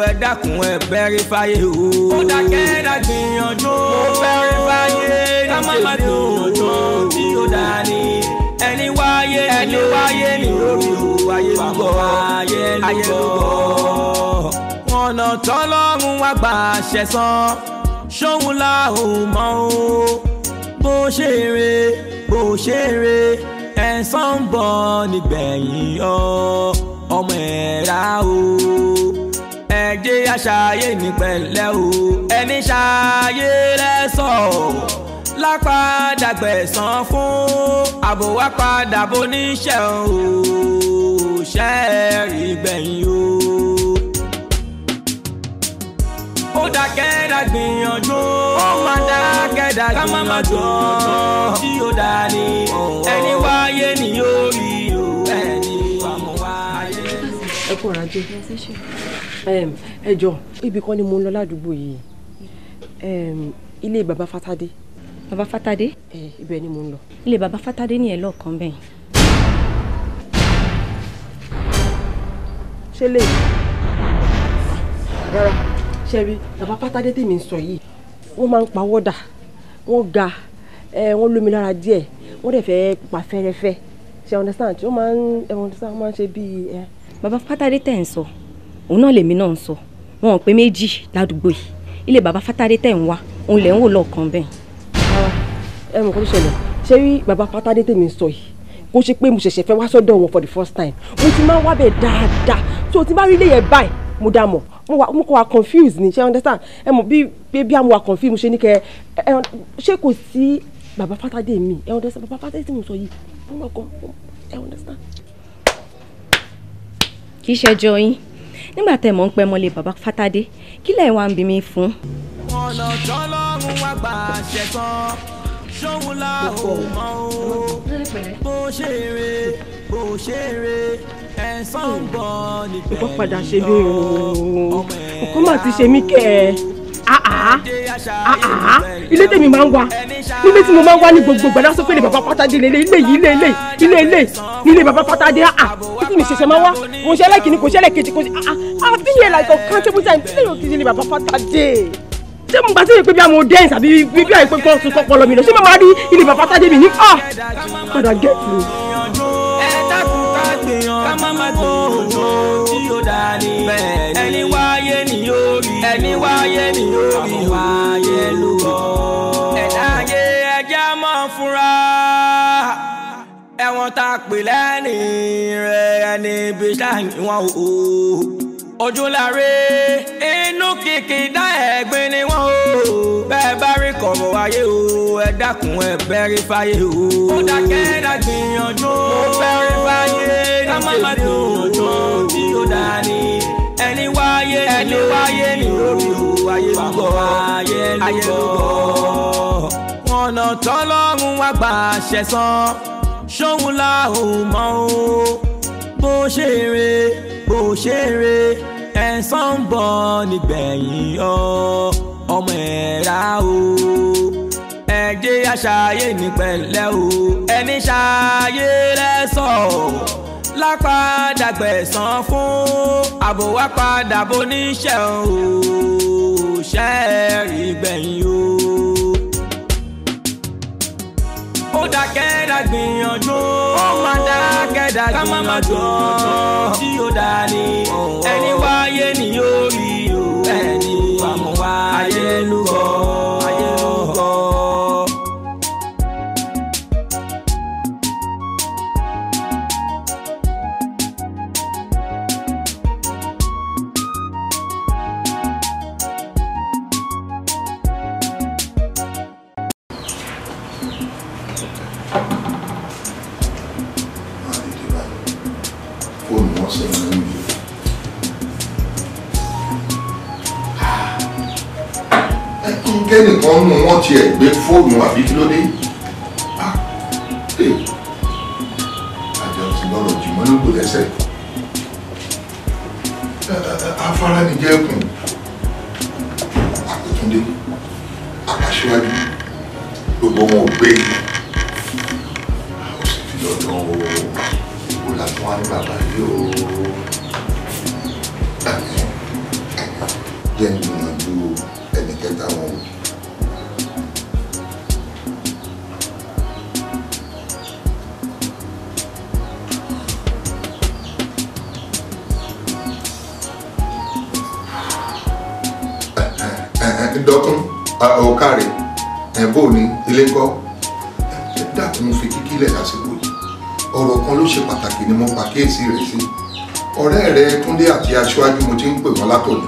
ẹ dákun ẹ bẹ́rí fáyé o. ó dákẹ́ dá gbìyànjú. mo bẹ́rí fáyé ká má má gbìyànjú tí ó dání. ẹni wáyé ẹni wáyé ni ó o ayé ló bọ̀ ayé ló bọ̀. wọn lọ tọ́lọ́run wá gbà ṣẹ̀ sán ṣóhun la ò mọ̀ o bó ṣe re bó ṣe re ẹ̀san ń bọ̀ nígbẹ̀yìn o ọmọ ẹ̀dá o ẹ̀jẹ̀ aṣááyé ní pẹ̀lẹ́ o ẹni ṣááyé lẹ́sọ̀ lápadà gbẹ̀san fún àbò wá padà bó níṣẹ́ o ṣẹ́ẹ̀rì gbẹ̀yìn o dá kẹ́dà gbìyànjú. ó máa dá kẹ́dà gbìyànjú. ká má má tó tí ó dá ní. ẹni wáyé ni yóò rí o. ẹni wàmú wáyé. ẹ kú ọ̀rọ̀ ajé ẹ jọ ibì kan ni mo ń lọ ládùúgbò yìí ilé baba fatade. baba fatade. ẹ ibẹ̀ ni mo ń lọ. ilé baba fatade ni ẹ lọọkan bẹyìn. ṣe lè rárá ṣẹ́rí bàbá pátádé tèmi ń sọ yìí wọ́n máa ń pa wọ́dà wọ́n ga wọ́n lómi lára díẹ̀ wọ́n dẹ̀ fẹ́ pa fẹ́rẹ́fẹ́ ṣe understand wọ́n máa ń understand wọ́n máa ń ṣe bíi. bàbá pátádé tẹ̀ ń sọ òun náà lèmi náà ń sọ wọn ò pé méjì ládùúgbò yìí ilé bàbá pátádé tẹ̀ ń wá òun lẹ̀ ń wò lọ́ọ̀kan bẹ́ẹ̀. ẹ mọ̀ kó tó ṣẹlẹ̀ ṣé rí bàbá pátádé tèmi ń sọ yìí kó ṣe pé mo ṣẹ̀ṣẹ̀ fẹ́ wá sọ́dọ̀ wọn for the first time mo ti máa ń wá bẹ̀ dáadáa so ti bá rí ilé yẹn báyìí mo dá mọ̀ mo wà mo kò wà confused ni ṣe understand ẹ mọ̀ bí bí àmọ́ wà confused mo ṣe ní kẹ ẹ ṣé kò sí bàbá fátádé mi ẹ understand bàbá fátádé tí mo sọ yìí mo mọ̀ kan ẹ understand. kì í ṣẹjọ́ yín nígbà tẹ́ mọ̀ ń pẹ́ mọ́lẹ̀ bàbá fátádé kí lẹ́yìn wá ń bí mi fún. ọ̀nà tọ́lọ́run wá gbà ṣẹ̀tàn ṣóhun la ò mọ o bó ṣe rè bó ṣe rè ẹ̀sán bọ̀ nígbẹ̀yìn ọkọ padà ọkọ mà ti ṣe mí kẹ ẹ ilé tèmi máa ń wá nílé tí mo máa ń wá ní gbogbo gbàdá sọ pé ilé bàbá pátádé lè ilé yìí ilé ilé ilé ilé nílé pátádé àà títí mi ṣẹ̀ṣẹ̀ máa wá kò ṣẹlẹ̀ kìíní kò ṣẹlẹ̀ kejì kò ṣẹlẹ̀ àà àbí yẹn like uncountable tí lè yóò ti ilé bàbá pátádé ṣé mo gbà sí pé bí a mo dẹ́yìn tàbí bí bí àìpé kan tún kọ́kọ́ lọ mi lọ ṣé mo máa rí ilé bàbá tádé mi ní à ah! padà get me. ẹ dákun ká gbìyàn ká má má gbọ́ òjò tí ó dá ní bẹ́ẹ̀ ni ẹni wáyé ni yóò rí ẹni wáyé ni yóò rí wáyé ló rọ. ẹ̀dá ayé ẹjẹ́ máa fúnra ẹ̀wọ̀n tá a pè lẹ́ni rẹ̀ ẹni bí sáà ní wọn ò ojúláre inú kìkì dá ẹ̀gbin ni wọ́n bẹ́ẹ̀ bá rí kọ̀rọ̀ ayé o ẹ dákun ẹ bẹ́rí fáyé o. ó dákẹ́ dá gbìyànjú. mo bẹ́rí fáyé ní tèmi o ọjọ́ tí ó dá ní. ẹni wáyé ẹni wáyé ní lórí o ayé lúgọ ayé lúgọ. ọ̀nà tọ́lọ́run wá gbà ṣẹ̀ san ṣóhun la ò mọ̀ o bó ṣe rè bó ṣe rè ẹ̀san ń bọ̀ nígbẹ̀yìn ọ́ ọmọ ẹ̀dá o ẹ jẹ́ àṣàyè ní pẹ̀lẹ́ o ẹni ṣàyè lẹ́sọ̀ lápadà gbẹ̀sán fún àbò wá padà bó níṣẹ́ o ṣẹ́ rí gbẹ̀yìn o. ó dákẹ́dá gbìyànjú ó máa dákẹ́dá gbìyànjú tí ó dá ní ẹni wáyé ni yóò rí ayélujọ. kẹ́nìkan nù wọ́n tiẹ̀ gbé fóònù àbí kí ló dé ah, àjọ ti lọ́rọ̀ jùmọ́ ló kò lẹ́sẹ̀ eh, afárá ni jẹ́ ẹkùn àkótúndé aṣíwájú gbogbo wọn ò gbé ah, ó sì fi lọ́dọ̀ ó làtún wá ní bàbá yìí ó jẹ́ nínú ẹni kẹta wọn. ti dọ́tún ọ̀kàrẹ̀ ẹ̀bù ní ilé ńkọ́ ẹ dákun fi kíkí lẹ̀ lásìkò yìí ọ̀rọ̀ kan ló ṣe pàtàkì ni mo pàkíyèsí rẹ̀ sí ọ̀rẹ́ rẹ Túndé àti aṣáájú mo ti ń pè wọ́n látòní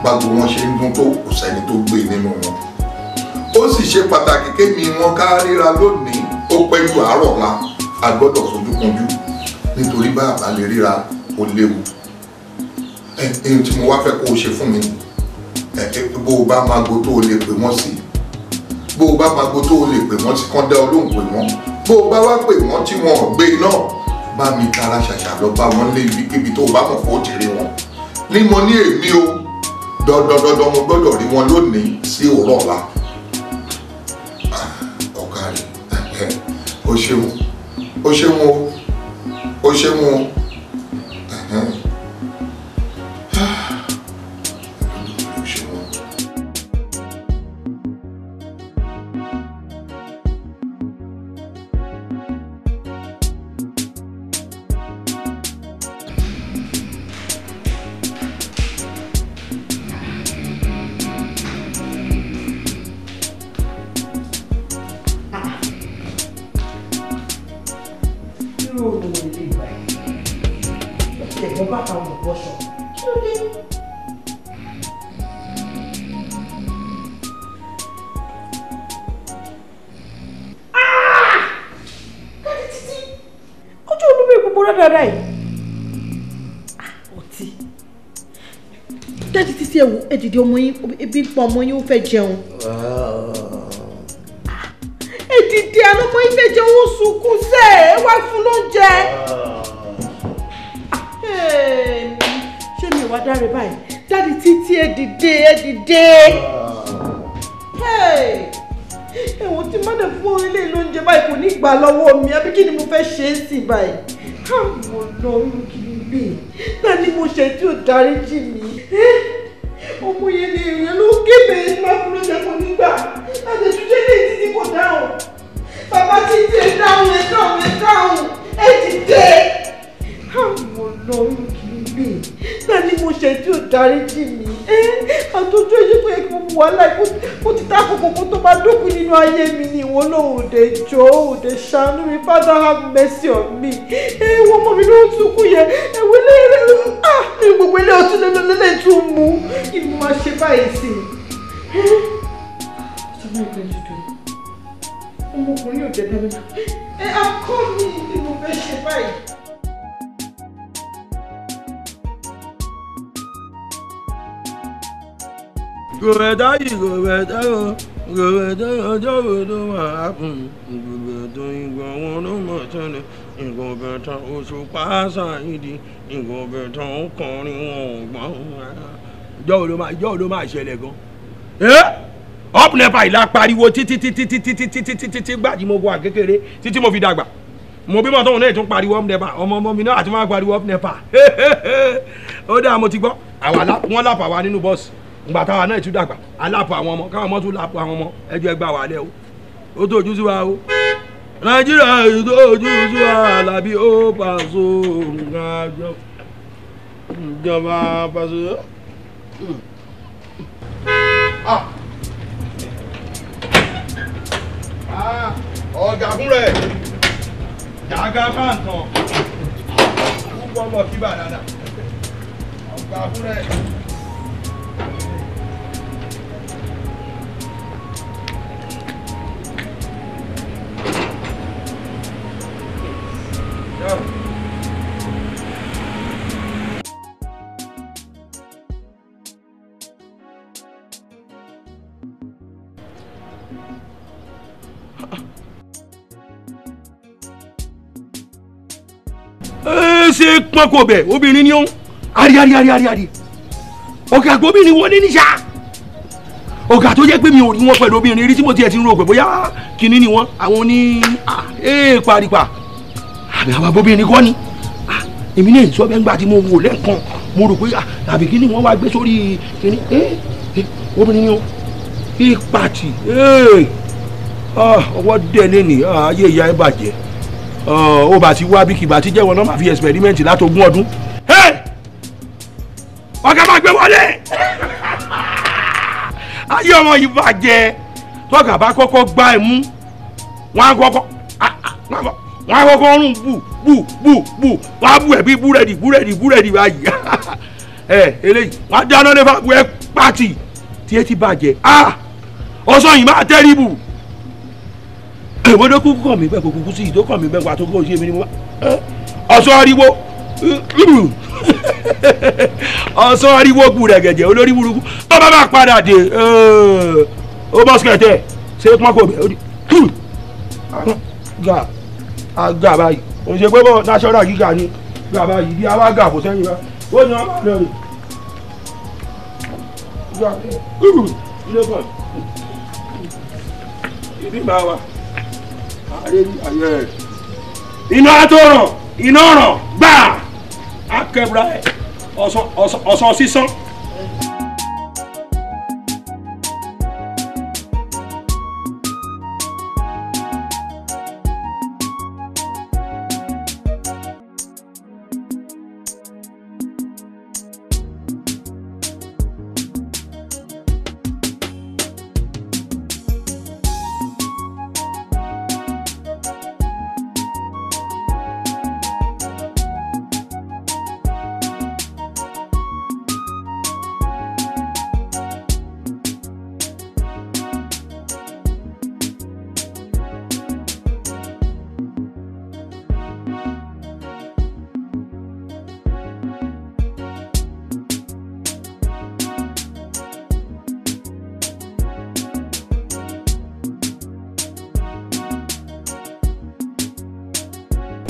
gbàgbó wọn ṣe ń dún tó kò sẹ́ni tó gbé e nínú wọn ó sì ṣe pàtàkì kémi wọn ká ríra lónìí ó pẹ́ ju àárọ̀ la a gbọ́dọ̀ fojú kanjú nítorí bá àbálẹ̀ ríra ó léwu ẹ̀ ẹ̀ tí mo wá fẹ́ kó o ṣe fún mi nìyí bó o bá máa go tó o lè pè wọ́n sí bó o bá máa go tó o lè pè wọ́n sí kán dá pè wọ́n bó o bá wá pè wọ́n tí wọn ò gbé náà bá mi tara ṣàṣà lọ bá wọn lé ibikíbi tó o bá mọ̀ fún òjèrè wọn ní mo ní èmi o dandandandan mo gbọ́dọ̀ rí wọn lónìí sí òwúrọ̀ ọ̀la ọ̀gá rẹ̀ o ṣeun o ṣeun o ṣeun o. dìde ọmọ yín ebi pọ̀ ọmọ yín ó fẹ́ jẹun. ẹ dìde àná ọmọ yín fẹ́ jẹun ó sunkún sẹ́ ẹ wá fún lóúnjẹ. ṣé mi ò wá dáre báyìí dáàdi títí ẹ dìde ẹ dìde. ẹ̀wọ̀n tí mọ́dà fún orílẹ̀ lóúnjẹ báyìí kò ní gbà lọ́wọ́ mi àbí kí ni mo fẹ́ ṣe é sí báyìí. káwọn lọ irú kí ni lè ta ni mo ṣe tí ò dáríjì mi. gbà àtẹ̀túndé lè ti ní kò dáhùn bàbá ti ń tẹ dáhùn ẹ dáhùn ẹ dáhùn ẹ ti dé. káwọn ọlọ́run kì í lè ta ni mo ṣe tí ò darí jì mí àtọ́jú ẹ̀yẹ́ pé gbogbo wàhálà kó ti dákò kókó tó bá dókun nínú ayé mi ni ìwọ náà ò jọ ò ṣàánú mi father have mercy on me ẹ̀wọ̀n ọmọ mi ló ń sunkún yẹn ẹ̀wọ̀n eléyìí ah gbogbo ilé ọtún lẹ́lẹ́lẹ́lẹ́ tún mú kí ni mo máa ṣe báyìí sí i ní ìpín dídùn ọmọkùnrin yóò jẹ tẹ́lẹ̀ náà ẹ akọ́ mi ni mo fẹ́ ṣe báyìí. gòwẹ̀dá yìí gòwẹ̀dá o gòwẹ̀dá ọjọ́ wo ló wà á kùn gòwẹ̀dá ìgbọ̀n wọn ló mọ̀ sẹ́nu ìgòbẹ̀tàn òṣùpá ṣàyídì ìgòbẹ̀tàn ọkùnrin wọn ò gbọ́n. ìjọ́ wo máa ṣẹlẹ̀ gan up nepa ìlà pariwo títí títí títí títí títí títí gbàdí mo wà kékeré títí mo fi dàgbà mo bímọ tóun náà tún pariwo up nepa ọmọ ọmọ mi náà àti máa pariwo up nepa [LAUGHS] ó dáa mo ti gbọ́ àwa wọn lápá wa nínú bọ́ọ̀sì ìgbà táwa náà tún dàgbà alápò àwọn ọmọ káwọn ọmọ tún lápò àwọn ọmọ ẹjọ́ ẹgbà wà lẹ o ó tó ojú sí wa o nàìjíríà ètò ojú sí wa làbí ó pàṣọ nǹkan ìjọba pàṣọ. Hmm. Ah. Ah, ọ̀gá fún rẹ̀ jàgá máa tàn púpọ̀ mọ̀ kí bàdàdà ọ̀gá fún ṣe pọ́nkọ bẹ̀ obìnrin ni ó ń ari ari ari ari ari ọ̀gá gbóbìnrin wọlé níṣà ọ̀gá tó jẹ́ pé mi ò rí wọn pẹ̀lú obìnrin rí tí mo tiẹ̀ ti ń ro pẹ̀ bóyá kínní ni wọ́n àwọn ní ee paripa àbí àwọn abóbìnrin kọ́ ni èmi náà sọ bẹ́ẹ̀ ń gbà tí mo wò lẹ́ẹ̀kan mo rò pé àbí kínní wọ́n wá gbé sórí kínní ee obìnrin ni ó ipàtì ee ah, ọwọ́ dẹ̀ lé ní ah, ayé ìyá ẹ bàjẹ́ ó bá ti wá bí kìgbà tí jẹ́wọ́ náà máa fi ẹ̀sìpẹ̀rímẹ́ǹtì látogún ọdún. ọ̀gá máa gbé wọlé ayé ọmọ yìí bàjẹ́ tọ́gà bá kọ́kọ́ gbá ẹ̀ mú wọn á kọ́kọ́ rún bù bù bù bù wọn á bù ẹ̀ bí búrẹ́dì búrẹ́dì búrẹ́dì báyìí ẹ [LAUGHS] eh, eléyìí wọn á dáná lé fún àbúrẹ́ pàtì tí ẹ ti bàjẹ́ ah! ọ̀sán yìí máa tẹ́rìbù ìwọ́dọ̀ kúkú kàn mí bẹ́ẹ̀ kò kúkú sí ìdó kàn mí bẹ́ẹ̀ wà tó kó ṣe mí ni mo ọ̀sọ́ ariwo [COUGHS] ọ̀sọ́ ariwo kù rẹ̀gẹ̀jẹ̀ olórí burúkú tó bá bá padà dé ó bọ́ sikẹ̀tẹ̀ ṣé pọ́nkò bẹ́ẹ̀ ó di gà àgà báyìí òun pé bọ́ national gíga ni gà báyìí bí àwa gà kò sẹ́yìn bá ó ní wọn bá lọ rè gà ilé kan ìdí máa wà iná àtọ̀ràn iná ọ̀ràn gbà á kẹbra ẹ̀ ọ̀sán sísán.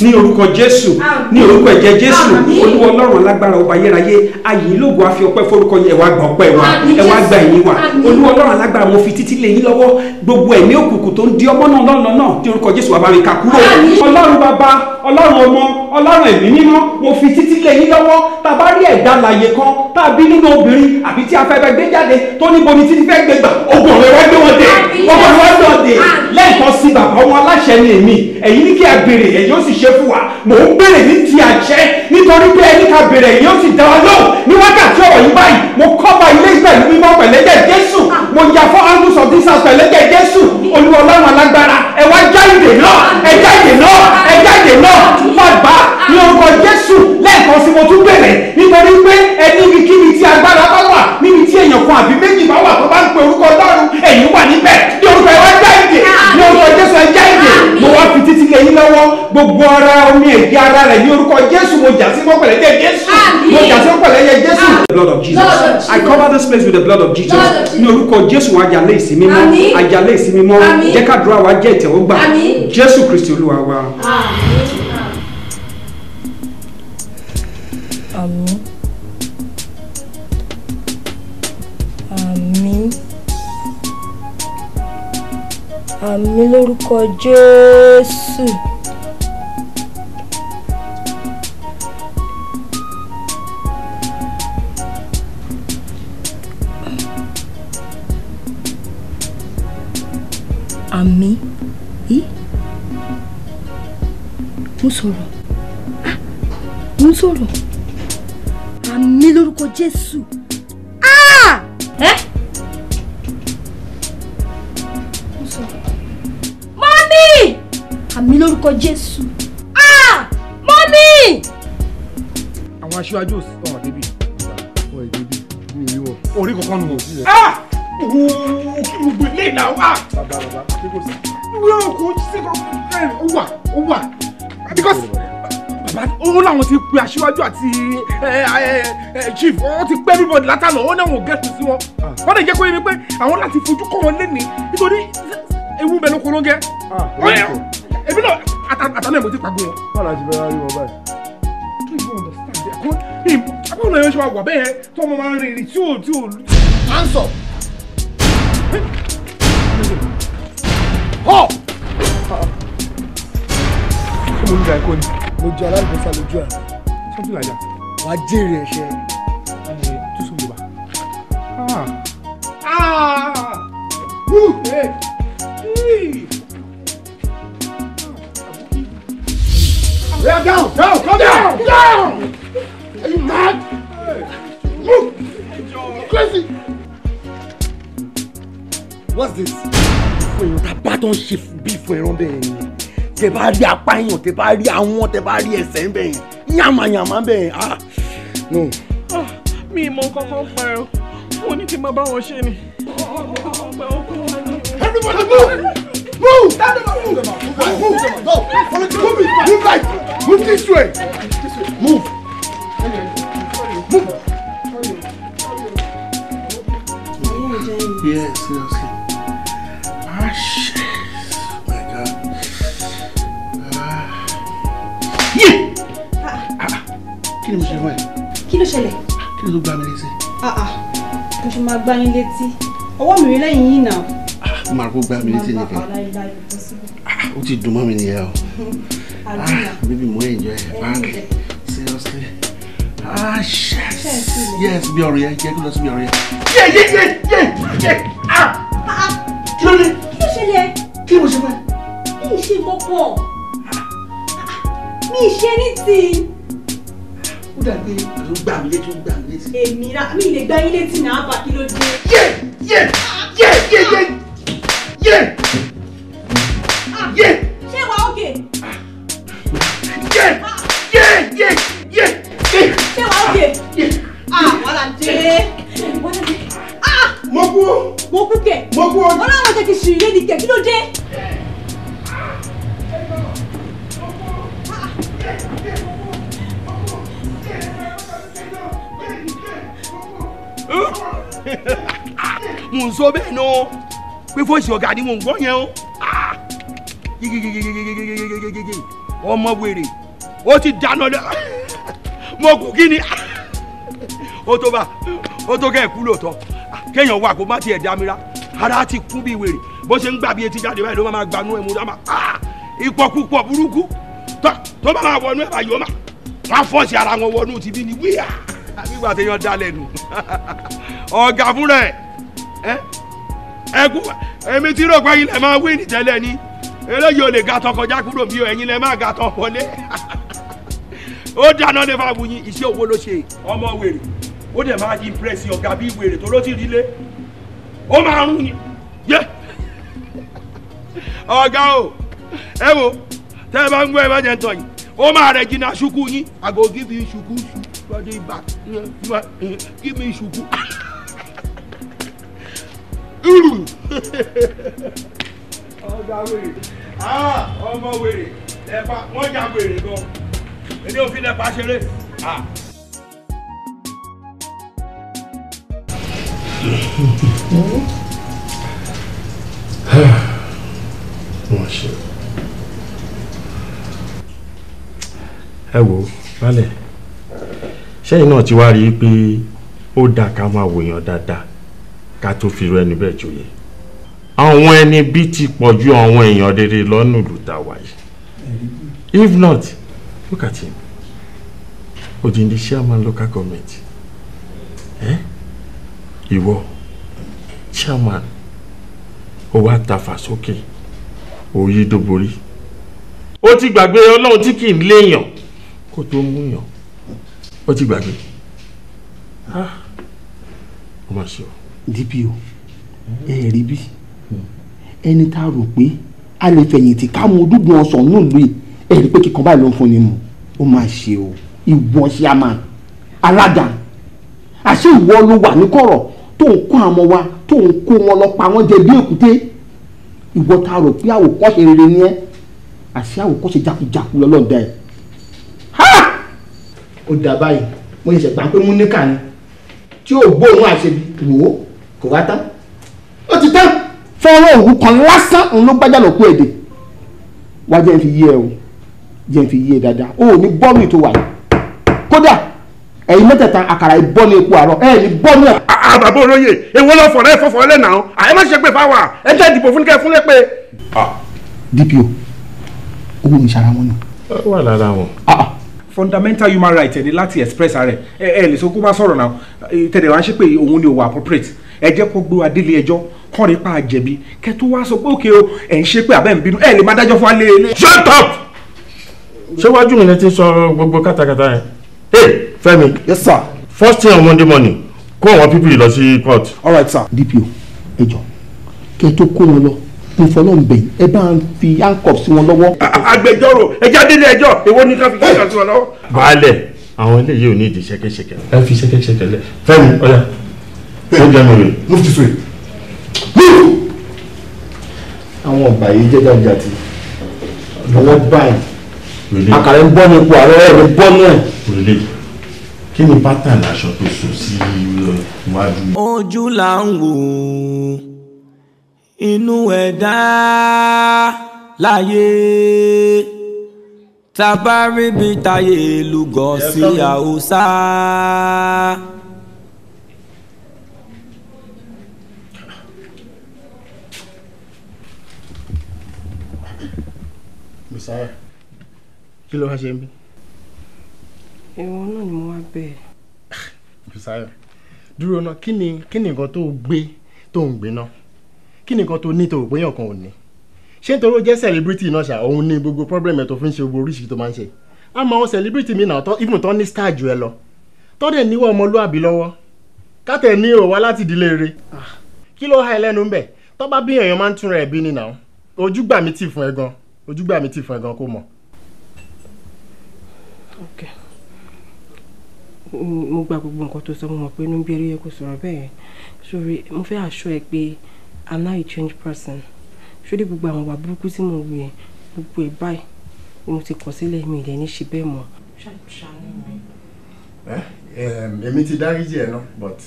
ní orúkọ jésù ní orúkọ ẹ̀jẹ̀ jésù olúwa ọlọ́run alágbára ọba ayérayé ayé lóògùn àfi ọpẹ́ forúkọ yẹn ẹ̀wà gbà ọpẹ́ wa ẹ̀wà gbà ẹ̀yìn wa olúwa ọlọ́run alágbára mo fi títí lé yín lọ́wọ́ gbogbo ẹ̀mí òkùnkùn tó ń di ọmọ náà lọ́nà náà ní orúkọ jésù bàbá mi kà kúrò ọlọ́run bàbá ọlọ́run ọmọ ọlọ́run ẹ̀mí mímọ́ mo fi títí lé yín lọ́wọ́ tàbá rí ẹ̀dá láyé kan máa bí nínú obìnrin àbí tí afẹ́fẹ́ gbé jáde tó níbo ni títí fẹ́ gbé gbà ogun ọ̀rẹ́ wá gbé wọn dé ọmọ rẹ wá lọ dé lẹ́ẹ̀kan sí bàbá ọmọ aláṣẹ ni èmi ẹ̀yin ní kí a béèrè ẹ̀yin ó sì ṣe fún wa mò ń béèrè ní ti àṣẹ nítorí pé ẹni ká béèrè ẹ̀yin ó sì dá wa lóhùn ní wákàtí ọ̀rọ̀ yìí báyìí mo kọ́ba ilé ìgbà ìlú mímọ́ pẹ̀lẹ́jẹ̀ Jésù ah. mo yà fọ́ angus of this house pẹ̀lẹ́jẹ̀ Jésù Olúwa Ọlọ́run alágbára ẹ wá jáde náà ẹ jáde náà ẹ jáde náà bàbá ní orúkọ Jésù lẹ́ẹ̀kan sí mo tún béèrè nítorí pé ẹni níbikíbi tí agbára bá wà níbi tí èèyàn kan àbí méjì bá wà tó bá ń pe orúkọ ọlọ́run ẹ̀yin wà níbẹ̀ ní orúkọ ẹ̀wá jáde ní orúkọ jésù ẹ̀ jáde mo wá fi títí lé yín lọ́wọ́ gbogbo ara omi ẹ̀jẹ̀ ara rẹ̀ ní orúkọ jésù mo jà sí mọ́pẹ̀lẹ́ yẹ jésù mo jà sí mọ́pẹ̀lẹ́ yẹ jésù. the blood of jesus i cover this place with the blood of jesus ní orúkọ jésù ajalé ìsinmi mọ́ ajalé ìsinmi mọ́ jẹ́ ká dúró àwa jẹ́ ìtẹ̀wọ́gbà jésù kristi olúwa wa. Amen. lórúkọ Jésù. àmì yìí mo sọ̀rọ̀ ah! mo sọ̀rọ̀ àmì lórúkọ Jésù. àmì lórúkọ jésù. Ah, mọ́mí. àwọn aṣíwájú ò sí ọ̀hún débi. wọ́n ì débi mi ò rí wọn. orí kankan nù. Ah! gbogbo ilé ìlà wa. bàbá bàbá kí kò sí. ìwé òkú ṣe kọ́kọ́ ó wà ó wà. because bàbá òun làwọn ti pe aṣíwájú àti eh, eh, eh, chief wọn ti pẹ́ everybody látàlọ́ wọn náà wọn ò gẹ̀ẹ́sì sí wọn. wọ́n lè jẹ́ kó yé mi pé àwọn láti fojú kọ́ wọn lé ní nítorí ewu bẹ̀ ló kọ́ ló ń gẹ́. Ah, èmi náà àtàlẹ́ mo ti pàgbó wọn. báwo la ṣe fẹ́ rárí wọn báyìí. do you understand ẹ̀ kún ìbò àbúrò náà yóò ṣe wà wà bẹ́ẹ̀ tó ọmọ máa ń rìn tí ò tí ò. ansọ. họ. ṣé mo ń ga ẹ̀kọ́ ni. mo jẹ aláìkọ́sá lójú ẹ̀. something like that. wàá jèrè ẹ̀ṣẹ̀. ẹ tún sọ yorùbá. ah ah woo. Hey. Hey. We down. Down. Come down. Down. Are you mad? Move. You crazy. What's this? Fún èèyàn tá a bá tó ń ṣe bí fún ẹran bẹ́ẹ̀ ni. Tẹ bá rí apá èèyàn, tẹ bá rí àwọn, tẹ bá rí ẹsẹ̀ ń bẹ̀yẹn. Ah! No. Ah, mi ì mọ kankan pa ẹ o. Mo ní kí n máa bá wọn ni. Everybody move! Move! Stand them up! Move them up! Move right! Move them up! Go! Follow the move it! Move right! Move this way! This way! Move! Move! Yeah, seriously. Ah, shit. Oh my God. Ah. Yeah! Ah! Ah! Kí ni mo ṣe wá yìí? Kí ló ṣẹlẹ̀? Kí ló gbá mi létí? Ah ah! Mo ṣe máa gbá yín létí. Ọwọ́ mi rí lẹ́yìn yìí náà ó máa kó gbá mi létí nìkan ah, ó ti dùn mọ́ mi nìyẹn o [LAUGHS] ah baby mo enjoy badly seriously ah yes. yes bí ọ̀rọ̀ yẹn jẹ́ kó lọ sí bí ọ̀rọ̀ yẹn yé yé yé yé yé ah kí ló dé kí ló ṣẹlẹ̀ kí ló ṣe fẹ́. mi ì ṣe mọ́pọ̀ mi ì ṣe ní ti ah, ó dàbí ló gbà mí létí ó gbà mí létí. èmi ra mi le gbá yín létí náà bá kí ló dé. yé yé yé yé yé yé yé. ṣé wàá òkè. yé yé yé yé. ṣé wàá òkè. ah wàhálà jẹ wàhálà jẹ. mo kú. mo kú kẹ. mo kú. ọlọ́run jẹ́ kí sùn yé ni kẹ kí ló dé. mun so bẹ́ẹ̀ náà pé fóòsì ọ̀gá ni mò ń gbọ́ yẹn o ọmọ wèrè ó ti dáná lọ mo kú kí ni ó tó bá ó tó kẹ́ ẹ̀ kú lóòótọ́ kéèyàn wà kó má tiẹ̀ dá mi rá ara ti kú bí wèrè bó ṣe ń gbà bí etí jáde báyìí ló máa gbanú ẹ̀ mú dá máa ìpọ̀kúpọ̀ burúkú tó bá máa wọnú ẹ̀ báyìí ó máa wọ́n fọ́ọ̀sì ara wọn wọnú ti bí ni wíyà nígbà téèyàn dá lẹ́nu ọ̀gá fúnra ẹ̀ ẹkú èmi ti rò pé ẹ̀yin lẹ máa wí ní tẹ́lẹ̀ ni eléyìí ò lè ga tán kọjá kúrò bí ẹ̀yin lẹ máa ga tán wọlé ó dáná ní fáwọn yín iṣẹ́ owó ló ṣe ọmọ wèrè ó dẹ̀ máa di pírẹ́sì ọ̀gá bíi wèrè tó ló ti rí lé ó máa rún yín yé ọ̀gá o ẹ wo tẹ́ ẹ bá ń gbọ́ ẹ bá jẹ́ ń tọ̀ yín ó máa rẹ̀ jìnnà ṣùkú yín àgọ́ give you ṣùkú ṣùkú ọdún ibà give me ṣùkú irun. ọjà wèrè ah, ọmọ wèrè lẹ́pà wọ́n jà wèrè gan èdè òfin lẹ́pà ṣeré. Ah. wọ́n ṣe. ẹ wo balẹ̀ sẹ́yìn náà ti wá rí i pé ó dà ká máa wòyàn dáadáa ká tó fi ru ẹni bẹ́ẹ̀ joyè àwọn ẹni bí ti pọ̀ ju àwọn èèyàn rere lọ́nà olùta wáyé if not look at him odindi chairman local government eh? ìwọ chairman ó wá tafà sókè òòyì dóborí ó ti gbàgbé ọlọ́run tí kì í léèyàn kó tó mú yàn ó ti gbàgbé ah ó mà ṣe o. DPO ẹ rí bí hmm. ẹni tá a rò pé a lè fẹ̀yìntì ká mú ojúgun ọ̀sán náà lóye ẹ rí pé kíkan báyìí ló ń fúnni mu ó máa ṣe o ìwọ ṣe a máa alága àṣé ìwọ ló wà ní kọ̀rọ̀ tó ń kó àmọ́ wa tó ń kó wọn lọ pa wọ́n jẹ bí èkúté ìwọ tá a rò pé àwòkọ́ṣe rere ni ẹ àṣé àwòkọ́ṣe jákujáku lọ́lọ́dà ẹ̀ ó dà báyìí mo ṣẹ̀ṣẹ̀ gbà pé múníkà ni tí ò gbóòórùn àṣebi wò ó. kò wá ó ti tán fọ́nrán òwú kan lásán òun ló gbájà lọ́pọ̀ èdè wá jẹ́ fi yé ẹ o jẹ́ fi yé ẹ dáadáa o ò ní bọ́ọ̀lù ètò wà kódà ẹ̀yin mẹ́tẹ̀ẹ̀ta àkàrà ìbọ́ọ̀lù epo àárọ̀ ẹ̀ ní àbàbò olóye èwo ló fọ̀rọ̀ ẹ fọ̀fọ̀ àyè má ṣe pé ẹ jẹ́ ìdìbò ah, DPO owó mi ṣara wọn lára wọn. Ah, ah. fundamental human right ẹni láti express ẹ ẹ lè kó bá náà tẹ̀lé ṣe pé ẹ jẹ́ kó gbé wa délé ẹjọ́ kọ́ni pa àjẹ̀bi kẹ́ tó wá sọ pé òkè o ẹ̀ ń ṣe pé àbẹ́ ń bínú ẹ̀ lè má dájọ́ fún wa lé lé. shut up. ṣé wájú mi lè ti sọ gbogbo kátàkátà yẹn. hey Fẹ́mi. yes sir. first thing on Monday morning kó àwọn pípì lọ sí court. all right sir. DPO ẹ jọ kẹ́ tó kó wọn lọ ìfọlọ́ǹbẹ̀ ẹ bá ń fi handcuff sí wọn lọ́wọ́. agbẹjọ́rò ẹjọ́ délé ẹjọ́ èwo ni ká fi handcuff sí wọn lọ́wọ́. baálẹ̀ àwọn eléyìí ò ní ìdí ṣẹkẹṣẹkẹ. ẹ fi ṣẹkẹṣẹkẹ lẹ Fẹ́mi ọyà. Don't January. Move this way. Move! Àwọn ọ̀gbà yìí jẹ́ jàjàtì. Àwọn báyìí. Àkàrà ń bọ́ ní ipò ààrẹ rẹ̀ náà. kí ni pátánì aṣọ tó so sí uh, iwájú. Ojú là ń wò inú ẹ̀dá láyé tá a bá ríbi táyé lúgọ sí àhùsá. sáré kí ló wá ṣe ń bí. ìwọ náà ni mo wá bẹ́ẹ̀. sáré dúró náà kí ni kí ni nǹkan tó gbé tó ń gbé náà kí ni nǹkan tó ní tó rò pé èèyàn kan ò ní ṣé nítorí ó jẹ́ celebrity náà ṣá òun ni gbogbo problem ẹ̀ tó fi ń ṣe gbogbo oríṣiríṣi tó máa ń ṣe á mọ àwọn celebrity mi náà even tó ní star ju ẹ lọ tọ́dẹ̀ níwọ̀ ọmọlúàbí lọ́wọ́ kátẹ̀ ní òwa láti ìdílé rẹ ah. kí ló há ẹ lẹ́nu ń bẹ̀ tọ́ bá bí èèyàn máa ń túnra ẹ̀ bí nìyàwó ojú gbà mí tì fún ẹ gan-an ojúgbà mi ti fún ẹ gan kó mọ̀. ok mo gba gbogbo nǹkan tó sọ mo mọ̀ pé inú bí eré yẹ kó sọ̀rọ̀ bẹ́ẹ̀ sórí mo fẹ́ àṣọ ẹ pé i'm now a changed person sórí gbogbo àwọn ìwà burúkú tí mo wù yẹn gbogbo ẹ̀ báyìí ni mo ti kọ̀ sílẹ̀ mi ìdẹ̀ ní ṣe bẹ́ẹ̀ mọ́. ṣàṣàánú mi. èmi ti dáríjì ẹ náà but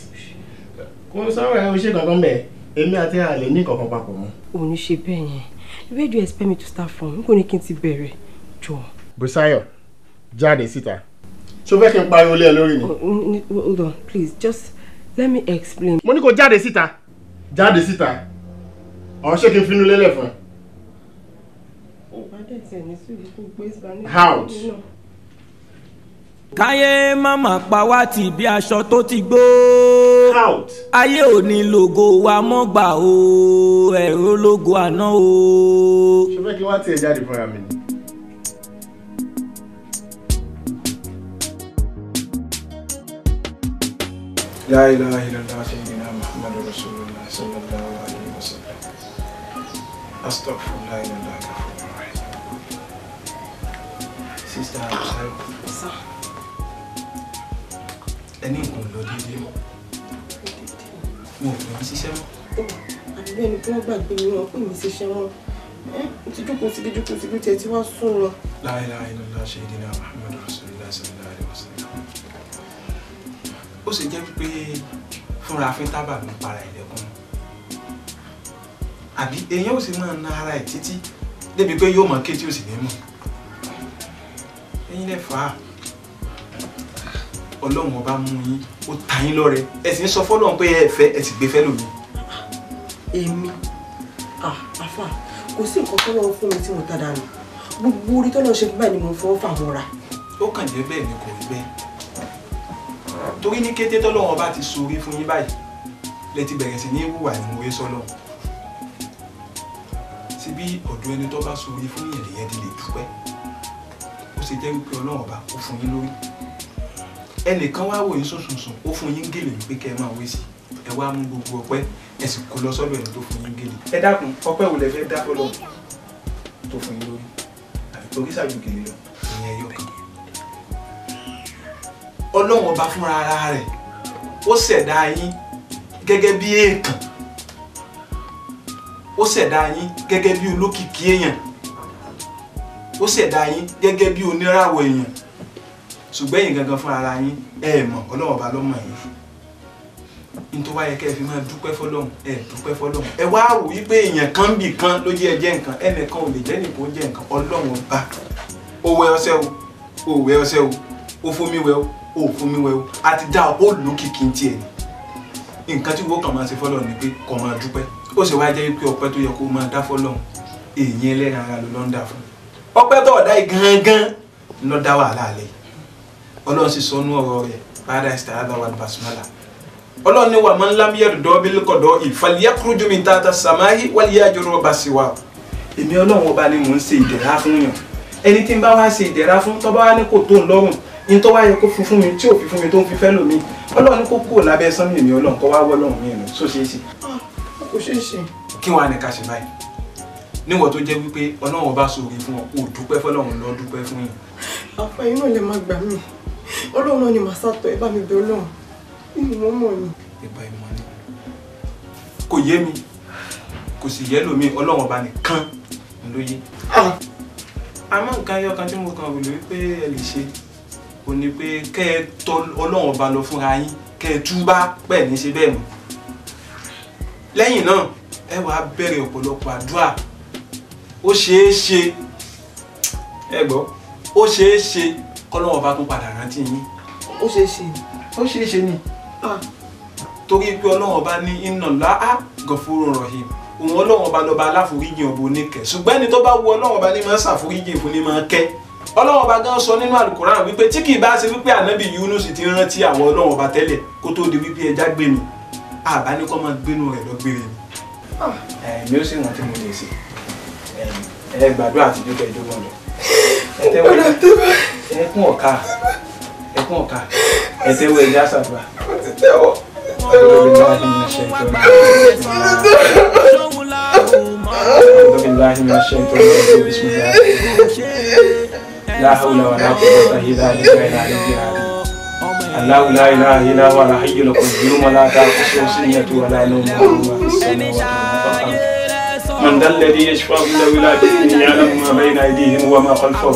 kò sọ̀rọ̀ ẹ o ṣe kankan bẹ́ẹ̀ èmi àti àlè ní kankan papọ̀ mọ́. òun ṣe bẹ́ẹ̀ yẹn where do you expect me to start from n kò ní kí n ti bẹ̀rẹ̀ jọ. sita. So where can fẹ́ kí n pariwo oh, hold on please just let me explain. mo ní kó jáde síta. jáde síta ọ̀hún ṣé kí n finú how. Oh, káyé màmá pa wá tì bí aṣọ tó ti gbó. ayé ò ní lògo wa mọ́ gbà o ẹ̀rọ lògo àná o. ṣe kí wọ́n ti ẹ̀ jáde fúnra mi ni. لا إله إلا الله سيدنا محمد رسول الله صلى الله عليه وسلم أستغفر الله إلا الله كفور Sister, I'm sorry ẹni nǹkan lọ déédéé mọ́ mo. ò pè mí ṣiṣẹ́ mọ́. àbúrò ẹni tí wọ́n gbàgbé ni wọn pè mí ṣiṣẹ́ mọ́ ti jókòó síbi jókòó síbi tiẹ̀ tí wọ́n sún lọ. La ilaha illallah sayyidina Muhammadu rasulillah sallallahu alaihi wasallam. ó sì jẹ́ pé fúnra fẹ́ tábà mi para ẹ̀lẹ́kùn àbí èèyàn ò sì máa na ara ẹ̀ títí débi pé yóò mọ̀ kétí ò sì ní mọ̀ ẹ̀yin lè fà á ọlọ́run ọba mú yín ó ta yín lọ́rẹ ẹ sì ń sọ fọ́lọ́run pé ẹ fẹ́ ẹ sì gbé fẹ́ lòmí. èmi àfà kò sí nǹkan tọ́lọ́run fún mi tí mo ta dànù gbogbo orí tọ́lọ́run ṣe báyìí ni mo fọwọ́ fà wọ́n ra. ó kàn jẹ́ bẹ́ẹ̀ ni kò rí bẹ́ẹ̀ torí ní kété tọ́lọ́run ọba ti sorí fún yín báyìí lẹ ti bẹ̀rẹ̀ sí ní wùwà ní mo rí sọ́lọ́run síbí ọ̀dọ̀ ẹni tó bá sorí fún yìnyín lèyẹn ti lè dúpẹ́ ó ṣe jẹ́ wípé ọlọ́run ọba ó fún yín lórí ẹnìkan wá wò yín sùnsùnsùn ó fún yín gèlè pé kẹ́ ẹ máa wé sí ẹ wá mú gbogbo ọpẹ́ ẹ sì kó lọ sọ́dọ̀ ẹni tó fún yín gèlè ẹ dákun ọpẹ́ wo lẹ fẹ́ dá fọlọ́ tó fún yín lórí àbí torí ṣáájú gèlè lọ ìyẹn ẹyọ kan ọlọ́run ọba fúnra ara rẹ̀ ó ṣẹ̀dá yín gẹ́gẹ́ bí èèkàn ó ṣẹ̀dá yín gẹ́gẹ́ bí olókìkí èèyàn ó ṣẹ̀dá yín gẹ́gẹ́ bí oníràwọ̀ èèyàn ṣùgbọ́n ẹ̀yin gangan fún ara yín ẹ mọ̀ ọlọ́run ọba lọ́mọ yín nítorí wáyé kẹ́ ẹ fi máa dúpẹ́ fọlọ́run ẹ dúpẹ́ fọlọ́run ẹ wá rò wípé èèyàn kan bì kan ló jẹ́ ẹjẹ́ nǹkan kan ò lè jẹ́ nìkan ó jẹ́ nǹkan ọlọ́run ọba òwe ọṣẹ o òwe ọṣẹ o òfomiwẹ o òfomiwẹ o àti dá olùkìkì tiẹ̀ ni nǹkan tí wọ́n kàn máa ṣe fọlọ́run ni pé kàn máa dúpẹ́ ó sì wá jẹ́ pé ọpẹ́ tó yẹ kó máa dá fọlọ́run èèyàn ẹlẹ́ran ara ló lọ́ ń dà fún ọpẹ́ tó ọ̀dá yìí gangan ló dá wàhálà lẹ́yìn ọlọ́run sì sọ nú ọ̀rọ̀ rẹ̀ báyìí àìsàn àdá wà basmala ọlọ́run ní wa man lam yardo bil qada'i falyakhruj min tahta as-sama'i walyahjur basiwa èmi ọlọ́run ọba ni mò ń ṣe ìdẹ̀ra fún yàn ẹni tí n bá wá ṣe ìdẹ̀ra fún tọ́ bá wá ní kò tó ń lọ́rùn ní tó wá yẹ kó fún fún mi tí ò fi fún mi tó ń fi fẹ́ lómi ọlọ́run ní kó kúrò lábẹ́ sánmi èmi ọlọ́run kọ́ wá wọ́ lọ́run mi ẹ̀nu só ṣeé ṣe. kò ṣeé ah, ṣe. kí wàá ní ká ṣe báyìí níwọ̀n tó jẹ́ wípé ọlọ́run ọba sòrí fún ọ kò dúpẹ́ fọlọ́run lọ dúpẹ́ fún yín. àpá inú lè má gbà mí ọlọ́run náà ni màá sàtọ̀ ẹ bá mi bẹ ọlọ́run nínú wọn mọ̀ ni. ìgbà ìmọ̀ ni kò yé mi kò sì yé lómi ọlọ́run ọba nìkan ló yé. àmọ́ nǹkan ayọ́ kan tí mo kàn wò ló wípé ẹ lè ṣe kò ní pé kẹ́ ẹ tọ̀ ọlọ́run ọba lọ fúnra yín kẹ́ ẹ túbá pẹ̀ ní ṣe bẹ́ẹ̀ mọ́ lẹ́yìn náà ẹ wàá bẹ̀rẹ̀ ọ̀pọ̀lọpọ̀ àdúrà ó ṣeé ṣe ẹ gbọ́ ó ṣeé ṣe kọ́lọ́wọ́ bá tún padà rántí yín ó ṣeé ṣe ni ó ṣeé ṣe ni torí pé ọlọ́wọ́n bá ní iná láá gọ̀fóró rọ̀hìn òun ọlọ́wọ́n bá lọ́ba aláforíjì ọ̀bọ oníkẹ́ ṣùgbọ́n ẹni tó bá wu ọlọ́wọ́n bá ní máa ń ṣàforíjì fún ní máa kẹ́ ọlọ́wọ́n bá gán sọ nínú àlùkòrán wípé tí kì í bá ṣe wípé ànábì Yunus ti rántí àwọn ọlọ́wọ́n bá tẹ́lẹ̀ kó tó di wípé ẹja gbénu àbáníkọ́ máa gbénu rẹ̀ lọ́gbére ni. ẹ̀mí ó sì rántí mo lè ṣe ẹ àtijọ́ kẹjọ́ mọ́ lọ. ọ̀nà tó ẹkún ọ̀ka ẹkún ọ̀ka ẹtẹwọ ẹjẹ àṣàdùà. لا حول ولا قوة إلا بالله العلي العظيم الله لا إله إلا هو الحي القيوم لا تأخذه سنة ولا نوم له ما في السماوات وما في الأرض من ذا الذي يشفع إلا ولا بإذنه يعلم ما بين أيديهم وما خلفهم.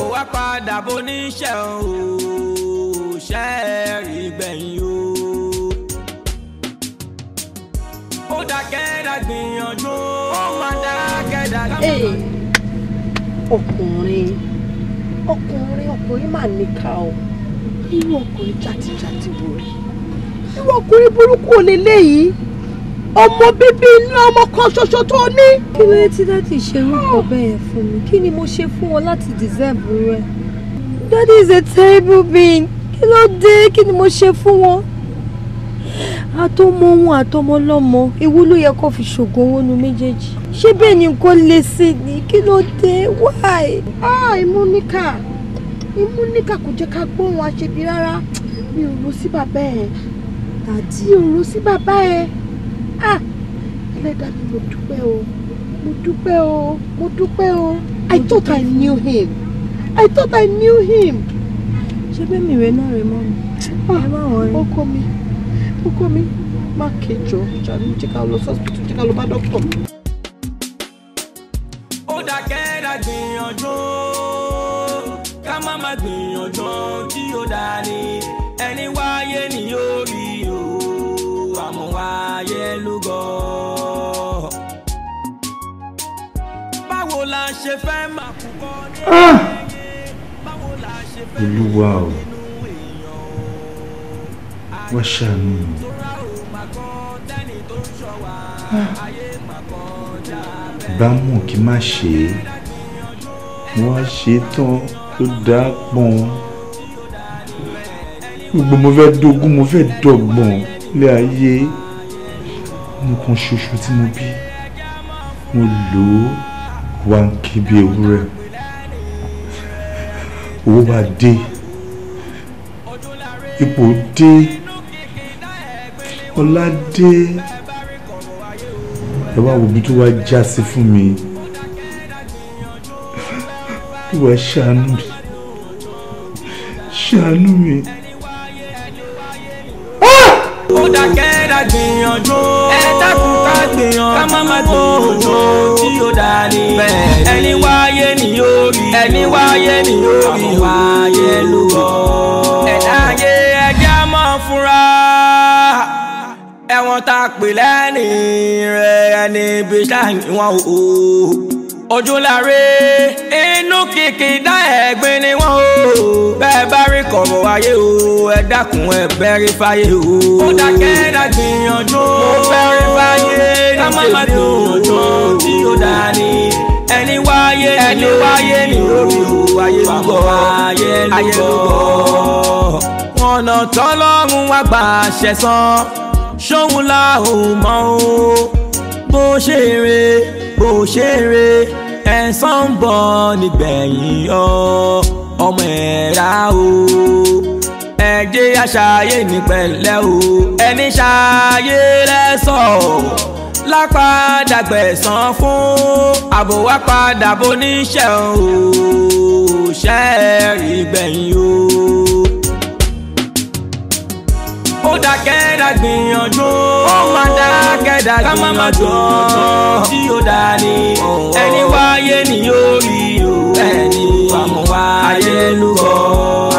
ọkùnrin ọkùnrin ọkùnrin mà níkà o irú ọkùnrin jàtijàti wò irú ọkùnrin burúkú ò lélẹ́yìí ọmọ bíbí inú ọmọ kan ṣoṣo tó ní. kí ló yẹ tí dáàdì ṣe rúkọ bẹ́ẹ̀ fún mi kí ni mo ṣe fún wọn láti dìsẹ́ẹ̀bù rẹ. dáàdì is a terrible being kí ló dé kí ni mo ṣe fún wọn. àtọmọ ohun àtọmọ lọmọ ewu ló yẹ kó fi ṣògo owó nu méjèèjì. ṣé bẹ́ẹ̀ ni nǹkan lè sí ni kí ló dé why. ah ìmúníkà ìmúníkà kò jẹ́ ká gbóhùn àṣebí rárá mi ò rò sí bàbá ẹ̀ tàdí ò rò sí bàbá ẹ̀ ah ẹlẹ́dàá mi mo dúpẹ́ o mo dúpẹ́ o mo dúpẹ́ o I thought I knew him I thought I knew him. ṣé bẹ́ẹ̀ mi rẹ náà rẹ mọ́ mi ah, ẹ má wọrí. ọkọ mi ọkọ mi má kejọ jàdú jẹ́ ká lọ sọ́sibítù jẹ́ ká lọ bá dọ́kítọ̀. ó dákẹ́ dá gbìyànjú ká má má gbìyànjú tí ó dá ní. báwo la ṣe fẹ́ máa kú kọ́ ní ẹ̀yẹ ah! báwo la ṣe fẹ́ máa kú kọ́ nínú èèyàn o wọ́n ṣàánú mi. Ah! bá mọ̀ kí má ṣe é wọ́n ṣe tán ló dá pọ́n gbogbo mo fẹ́ dógún mo fẹ́ dọ́gbọ̀n lé ayé nǹkan ṣoṣo tí mo bí mo lò ó wá ń kí bí ewúrẹ́ owó bá dé ipò dé ọlá dé ẹ wá wo bí tó wá já sí fún mi bí wàá ṣàánú mi ṣàánú mi. ó dákẹ́ gbìyànjú ẹ dákun gbìyànjú ká má má gbòòrò tí ó dá ní. ẹni wáyé ni yóò rí ẹni wáyé ni yóò rí o wáyé ló bọ̀. ẹ̀dá ayé ẹja mọ́ fúnra ẹ̀wọ̀n tá a pè lẹ́ni rẹ̀ ẹni ibi ṣáà ní wọn o ojúláre kìkìdá ẹ̀gbin ni wọ́n o bẹ́ẹ̀ bá rí kọ̀rọ̀ ayé o ẹ dákun ẹ bẹ́rí fáyé o. ó dákẹ́ ẹ̀dá gbìyànjú mo bẹ́rí fáyé ní tèmi o ọjọ́ tí ó dá ní ẹni wáyé ẹni wáyé ní orí o ayé lúgọ ayé lúgọ. ọ̀nà tọ́lọ́run wá gbà ṣẹ̀san ṣóhun la ò mọ̀ o bó ṣe rè bó ṣe rè ẹ̀san ń bọ̀ nígbẹ̀yìn o ọmọ ẹ̀dá o ẹ àṣàyè ní o ẹni ṣàyè lẹ́sọ̀ lápadà gbẹ̀san fún àbò wá o ṣẹ́ẹ̀rì gbẹ̀yìn o ó dá kẹ́dà gbìyànjú ó má dá kẹ́dà gbìyànjú ká má má tó tí ó dá ní ẹni wáyé ni yóò rí o ẹni wàmúwáyé lúgọ.